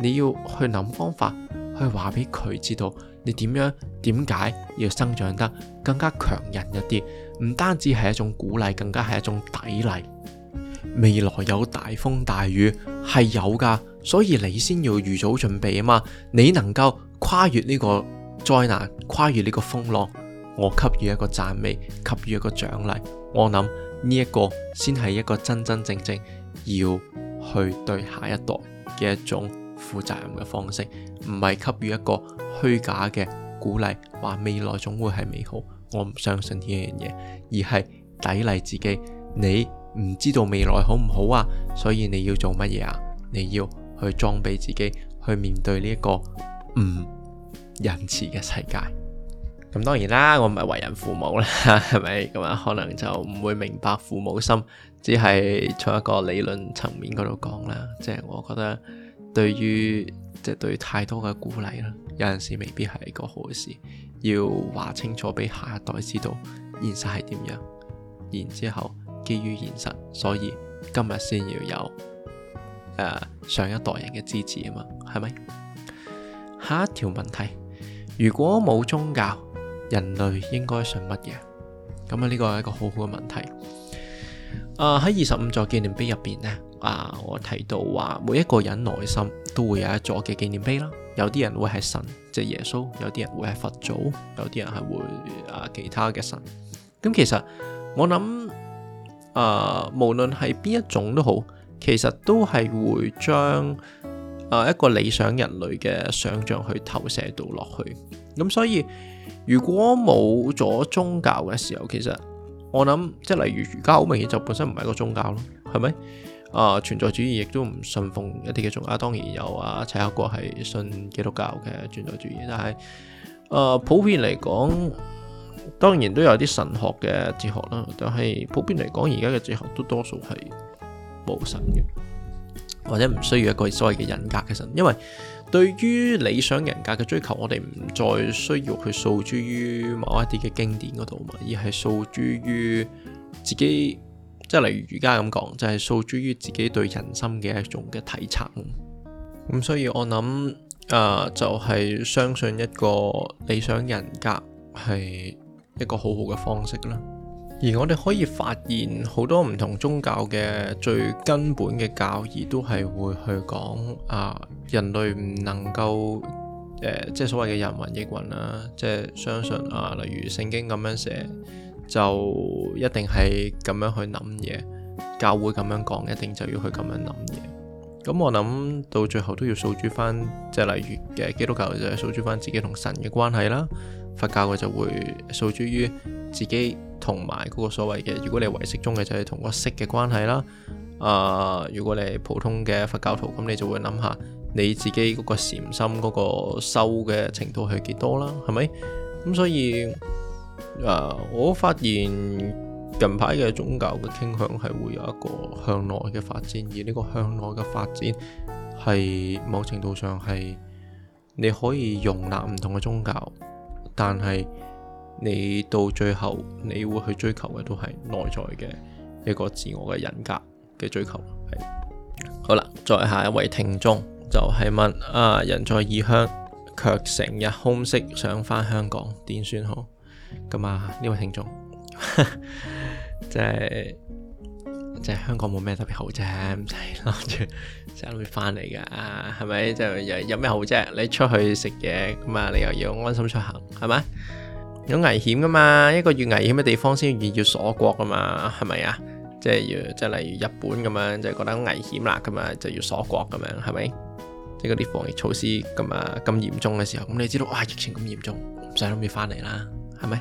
你要去諗方法去話俾佢知道你點樣點解要生長得更加強韌一啲。唔單止係一種鼓勵，更加係一種砥礪。未來有大風大雨係有噶，所以你先要預早準備啊嘛。你能夠跨越呢個災難，跨越呢個風浪，我給予一個讚美，給予一個獎勵。我諗呢一個先係一個真真正正要去對下一代嘅一種負責任嘅方式，唔係給予一個虛假嘅鼓勵，話未來總會係美好。我唔相信呢樣嘢，而係砥礪自己。你唔知道未來好唔好啊，所以你要做乜嘢啊？你要去裝備自己，去面對呢一個唔仁慈嘅世界。咁、嗯、當然啦，我唔係為人父母啦，係咪？咁啊，可能就唔會明白父母心，只係從一個理論層面嗰度講啦。即係我覺得對於。即係對太多嘅鼓勵啦，有陣時未必係一個好事。要話清楚俾下一代知道現實係點樣，然之後基於現實，所以今日先要有誒、呃、上一代人嘅支持啊嘛，係咪？下一條問題，如果冇宗教，人類應該信乜嘢？咁啊呢個係一個好好嘅問題。啊喺二十五座紀念碑入邊呢。啊！我提到話，每一個人內心都會有一座嘅紀念碑啦。有啲人會係神，即、就、係、是、耶穌；有啲人會係佛祖；有啲人係會啊其他嘅神。咁、嗯、其實我諗啊、呃，無論係邊一種都好，其實都係會將啊、呃、一個理想人類嘅想象去投射到落去。咁、嗯、所以如果冇咗宗教嘅時候，其實我諗即係例如儒家，好明顯就本身唔係一個宗教咯，係咪？啊！存在主義亦都唔信奉一啲嘅宗教，當然有啊。齊克果係信基督教嘅存在主義，但係啊，普遍嚟講，當然都有啲神學嘅哲學啦。但係普遍嚟講，而家嘅哲學都多數係無神嘅，或者唔需要一個所謂嘅人格嘅神。因為對於理想人格嘅追求，我哋唔再需要去訴諸於某一啲嘅經典嗰度嘛，而係訴諸於自己。即係例如儒家咁講，就係訴諸於自己對人心嘅一種嘅體察。咁所以我諗，誒、呃、就係、是、相信一個理想人格係一個好好嘅方式啦。而我哋可以發現好多唔同宗教嘅最根本嘅教義都係會去講啊、呃，人類唔能夠誒、呃，即係所謂嘅人云亦云啦，即係相信啊、呃，例如聖經咁樣寫。就一定係咁樣去諗嘢，教會咁樣講，一定就要去咁樣諗嘢。咁、嗯、我諗到最後都要訴諸翻，即係例如嘅基督教就係訴諸翻自己同神嘅關係啦，佛教嘅就會訴諸於自己同埋嗰個所謂嘅，如果你係唯識宗嘅就係同個識嘅關係啦。啊、呃，如果你係普通嘅佛教徒，咁你就會諗下你自己嗰個禪心嗰個修嘅程度係幾多啦，係咪？咁所以。誒、啊，我發現近排嘅宗教嘅傾向係會有一個向內嘅發展，而呢個向內嘅發展係某程度上係你可以容納唔同嘅宗教，但係你到最後你會去追求嘅都係內在嘅一個自我嘅人格嘅追求。好啦，再下一位聽眾就係、是、問：誒、啊，人在異鄉，卻成日空隙想返香港，點算好？咁啊，呢位聽眾，即係即係香港冇咩特別好啫，唔使諗住，即係諗住翻嚟噶啊，係咪就又有咩好啫？你出去食嘢咁啊，你又要安心出行，係咪？有危險噶嘛？一個越危險嘅地方先越要鎖國噶嘛，係咪啊？即係要即係例如日本咁樣，就係覺得危險啦，咁啊就要鎖國咁樣，係咪？即係嗰啲防疫措施咁啊咁嚴重嘅時候，咁你知道啊疫情咁嚴重，唔使諗住翻嚟啦。係咪？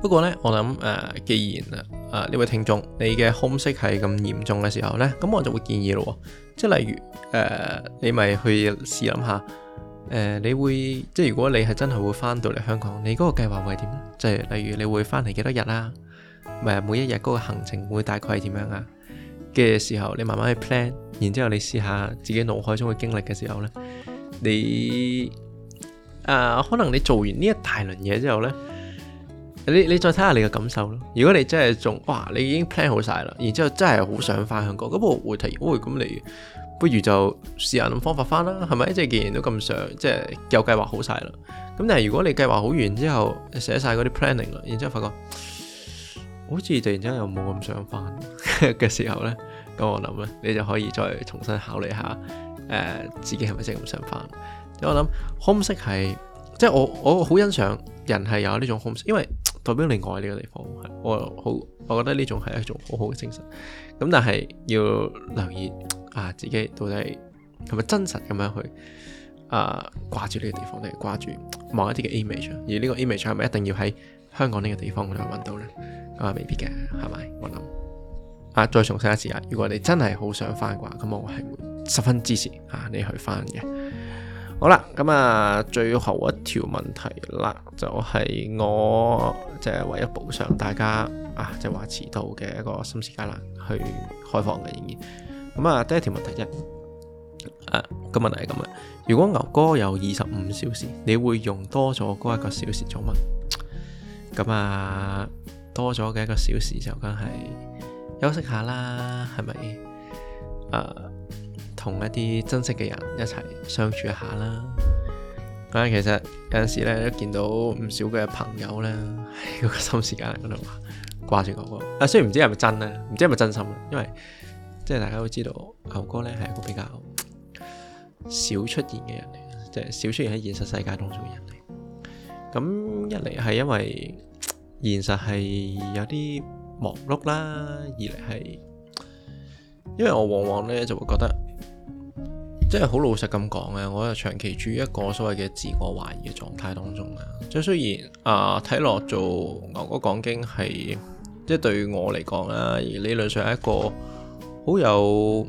不過咧，我諗誒，既然誒誒呢位聽眾你嘅鄉思係咁嚴重嘅時候咧，咁我就會建議咯，即係例如誒，你咪去試諗下，誒，你會即係如果你係真係會翻到嚟香港，你嗰個計劃會係點咧？即係例如你會翻嚟幾多日啊？咪每一日嗰個行程會大概係點樣啊？嘅時候，你慢慢去 plan，然之後你試下自己腦海中嘅經歷嘅時候咧，你誒，可能你做完呢一大輪嘢之後咧。你你再睇下你嘅感受咯。如果你真係仲哇，你已經 plan 好晒啦，然之後真係好想翻香港，咁我會提，喂、哎，咁你不如就試下諗方法翻啦，係咪？即係既然都咁想，即係又計劃好晒啦。咁但係如果你計劃好完之後寫晒嗰啲 planning 啦，然之後發覺 好似突然之間又冇咁想翻嘅 時候咧，咁我諗咧，你就可以再重新考慮下誒、呃、自己係咪真係咁想翻。即我諗 homesick 係即係我我好欣賞人係有呢種 homesick，因為代表你愛呢個地方，我好，我覺得呢種係一種好好嘅精神。咁但係要留意啊，自己到底係咪真實咁樣去啊掛住呢個地方，定係掛住某一啲嘅 image？而呢個 image 係咪一定要喺香港呢個地方咁樣搵到咧？啊，未必嘅，係咪？我諗啊，再重申一次啊，如果你真係好想翻嘅話，咁我係十分支持啊你去翻嘅。好啦，咁、嗯、啊，最後一條問題啦，就係、是、我即係、就是、唯一補償大家啊，即係話遲到嘅一個心思家啦，去開放嘅意見。咁、嗯嗯、啊，第一條問題一，誒，個問題係咁嘅，如果牛哥有二十五小時，你會用多咗嗰一個小時做乜？咁啊、嗯，多咗嘅一個小時就梗係休息下啦，係咪？誒、啊。同一啲珍惜嘅人一齊相處一下啦。咁其實有陣時咧都見到唔少嘅朋友咧，花心時間喺嗰度掛住牛哥。啊，雖然唔知係咪真咧，唔知係咪真心啦。因為即係大家都知道牛哥咧係一個比較少出現嘅人嚟，即係少出現喺現實世界當中嘅人嚟。咁一嚟係因為現實係有啲忙碌啦，二嚟係因為我往往咧就會覺得。即係好老實咁講咧，我係長期處於一個所謂嘅自我懷疑嘅狀態當中啊！即係雖然啊，睇落做牛哥講經係，即係對我嚟講咧，而理論上係一個好有，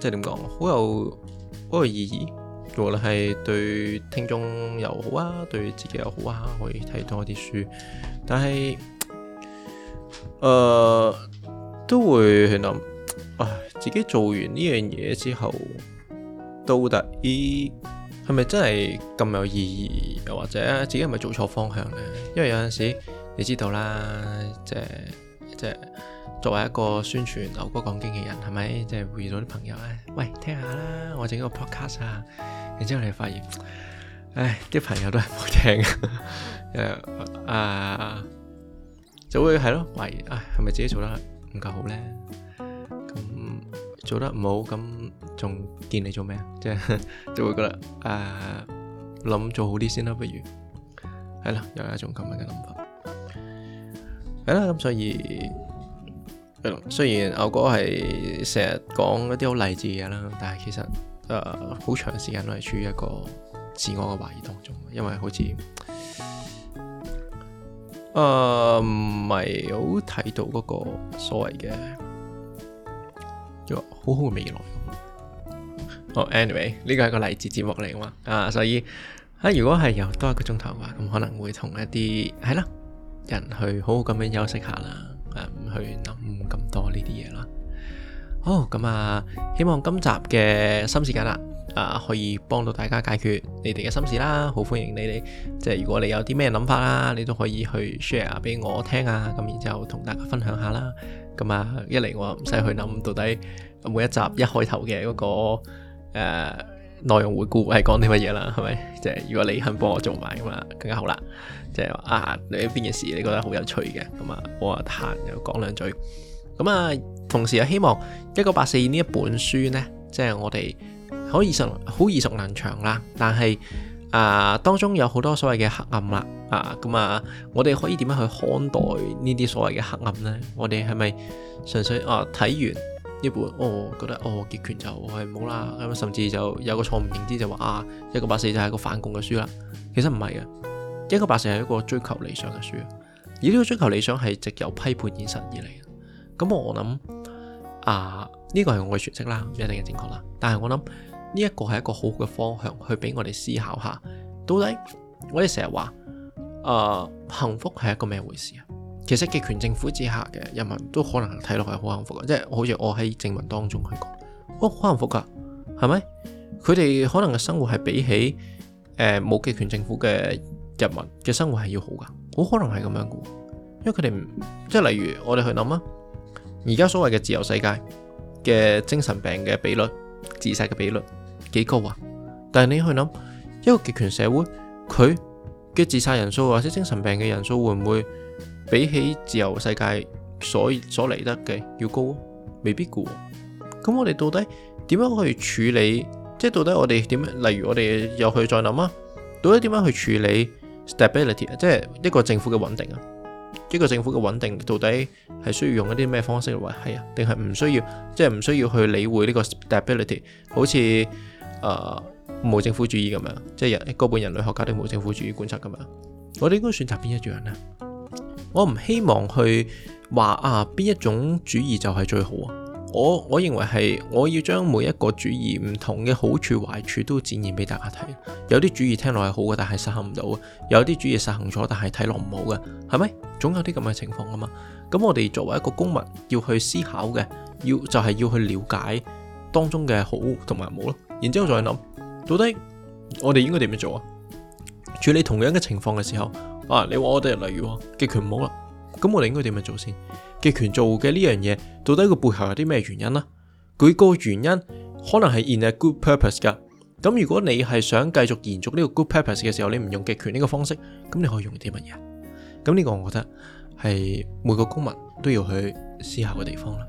即係點講，好有好有意義。無論係對聽眾又好啊，對自己又好啊，可以睇多啲書。但係，誒、呃，都會去諗，唉，自己做完呢樣嘢之後。都得咦，係咪真係咁有意義？又或者自己係咪做錯方向呢？因為有陣時，你知道啦，即係即係作為一個宣傳牛哥講經嘅人，係咪即係會遇到啲朋友咧？喂，聽下啦，我整個 podcast 啊，然之後你發現，唉，啲朋友都係冇聽嘅，誒 啊，就會係咯喂，唉，係咪自己做得唔夠好呢？做得唔好，咁仲見你做咩啊？即 係就會覺得誒，諗、呃、做好啲先啦，不如係啦，又有一種咁樣嘅諗法。係啦，咁所以誒，雖然牛哥係成日講一啲好勵志嘅嘢啦，但係其實誒好、呃、長時間都係處於一個自我嘅懷疑當中，因為好似誒唔係好睇到嗰個所謂嘅。好好嘅未來好 anyway 呢個係個例子節目嚟嘛啊，所以啊，如果係又多一個鐘頭嘅話，咁可能會同一啲係啦人去好好咁樣休息下啦，啊，唔去諗咁多呢啲嘢啦。好咁、嗯、啊，希望今集嘅心事解啦啊，可以幫到大家解決你哋嘅心事啦。好歡迎你哋，即、就、係、是、如果你有啲咩諗法啦，你都可以去 share 俾我聽啊，咁、啊、然之後同大家分享下啦。咁、嗯、啊，一嚟我唔使去諗到底。每一集一開頭嘅嗰個誒內、呃、容回顧係講啲乜嘢啦，係咪？即、就、係、是、如果你肯幫我做埋嘅話，更加好啦。即、就、係、是、啊，你邊件事你覺得好有趣嘅，咁、嗯、啊，我啊談又講兩嘴。咁、嗯、啊，同時又希望《一九八四》呢一本書呢，即、就、係、是、我哋好易熟，好易熟能詳啦。但係啊、呃，當中有好多所謂嘅黑暗啦，啊，咁、嗯、啊、嗯，我哋可以點樣去看待呢啲所謂嘅黑暗呢？我哋係咪純粹啊睇完？呢本哦，覺得哦，極權就係唔好啦，咁甚至就有個錯誤認知就話啊，《一九八四》就係一個反共嘅書啦。其實唔係嘅，《一九八四》係一個追求理想嘅書，而呢個追求理想係藉由批判現實而嚟。咁、嗯、我諗啊，呢個係我嘅詮釋啦，唔一定係正確啦。但係我諗呢一個係一個好好嘅方向，去俾我哋思考下到底我哋成日話啊，幸福係一個咩回事啊？其實極權政府之下嘅人民都可能睇落係好幸福嘅，即係好似我喺正文當中去講，我、哦、好幸福噶，係咪？佢哋可能嘅生活係比起誒冇、呃、極權政府嘅人民嘅生活係要好噶，好可能係咁樣嘅。因為佢哋唔，即係例如我哋去諗啊，而家所謂嘅自由世界嘅精神病嘅比率、自殺嘅比率幾高啊？但係你去諗一個極權社會，佢嘅自殺人數或者精神病嘅人數會唔會？比起自由世界所所嚟得嘅要高，未必㗎。咁我哋到底點樣去處理？即係到底我哋點？例如我哋又去再諗啊，到底點樣去處理 stability？即係一個政府嘅穩定啊，一個政府嘅穩定到底係需要用一啲咩方式維繫啊？定係唔需要？即係唔需要去理會呢個 stability？好似誒、呃、無政府主義咁樣，即係人個本人類學家對無政府主義觀察咁樣，我哋應該選擇邊一樣啊？我唔希望去話啊邊一種主義就係最好啊！我我認為係我要將每一個主義唔同嘅好處壞處都展現俾大家睇。有啲主義聽落係好嘅，但係實行唔到；有啲主義實行咗，但係睇落唔好嘅，係咪？總有啲咁嘅情況噶嘛。咁我哋作為一個公民，要去思考嘅，要就係、是、要去了解當中嘅好同埋冇咯。然之後再諗到底我哋應該點樣做啊？處理同樣嘅情況嘅時候。啊！你話我哋例如話極權唔好啦，咁我哋應該點樣做先？極權做嘅呢樣嘢到底個背後有啲咩原因呢？佢個原因可能係 in a good purpose 噶。咁如果你係想繼續延續呢個 good purpose 嘅時候，你唔用極權呢個方式，咁你可以用啲乜嘢？咁呢個我覺得係每個公民都要去思考嘅地方啦。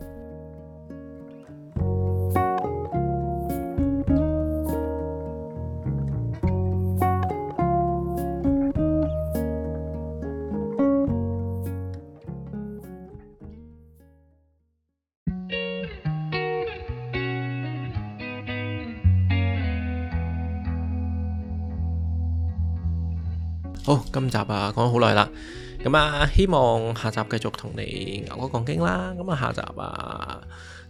好，今集啊，講咗好耐啦，咁啊，希望下集繼續同你牛哥講經啦，咁啊下集啊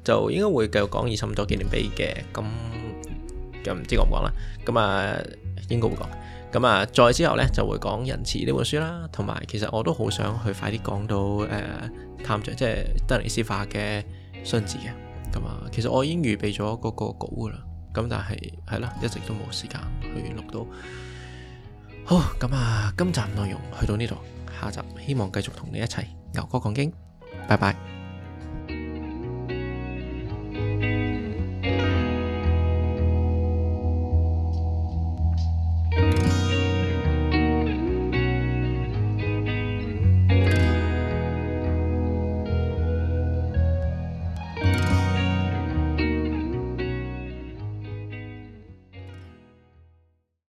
就應該會繼續講二十五座紀念碑嘅，咁又唔知我唔講啦，咁啊應該會講，咁啊再之後咧，就會講仁慈呢本書啦，同埋其實我都好想去快啲講到誒探着，即係德尼斯法嘅荀子嘅，咁啊其實我已經預備咗個個稿噶啦，咁但係係啦，一直都冇時間去錄到。好，咁啊，今集內容去到呢度，下集希望繼續同你一齊牛哥講經，拜拜。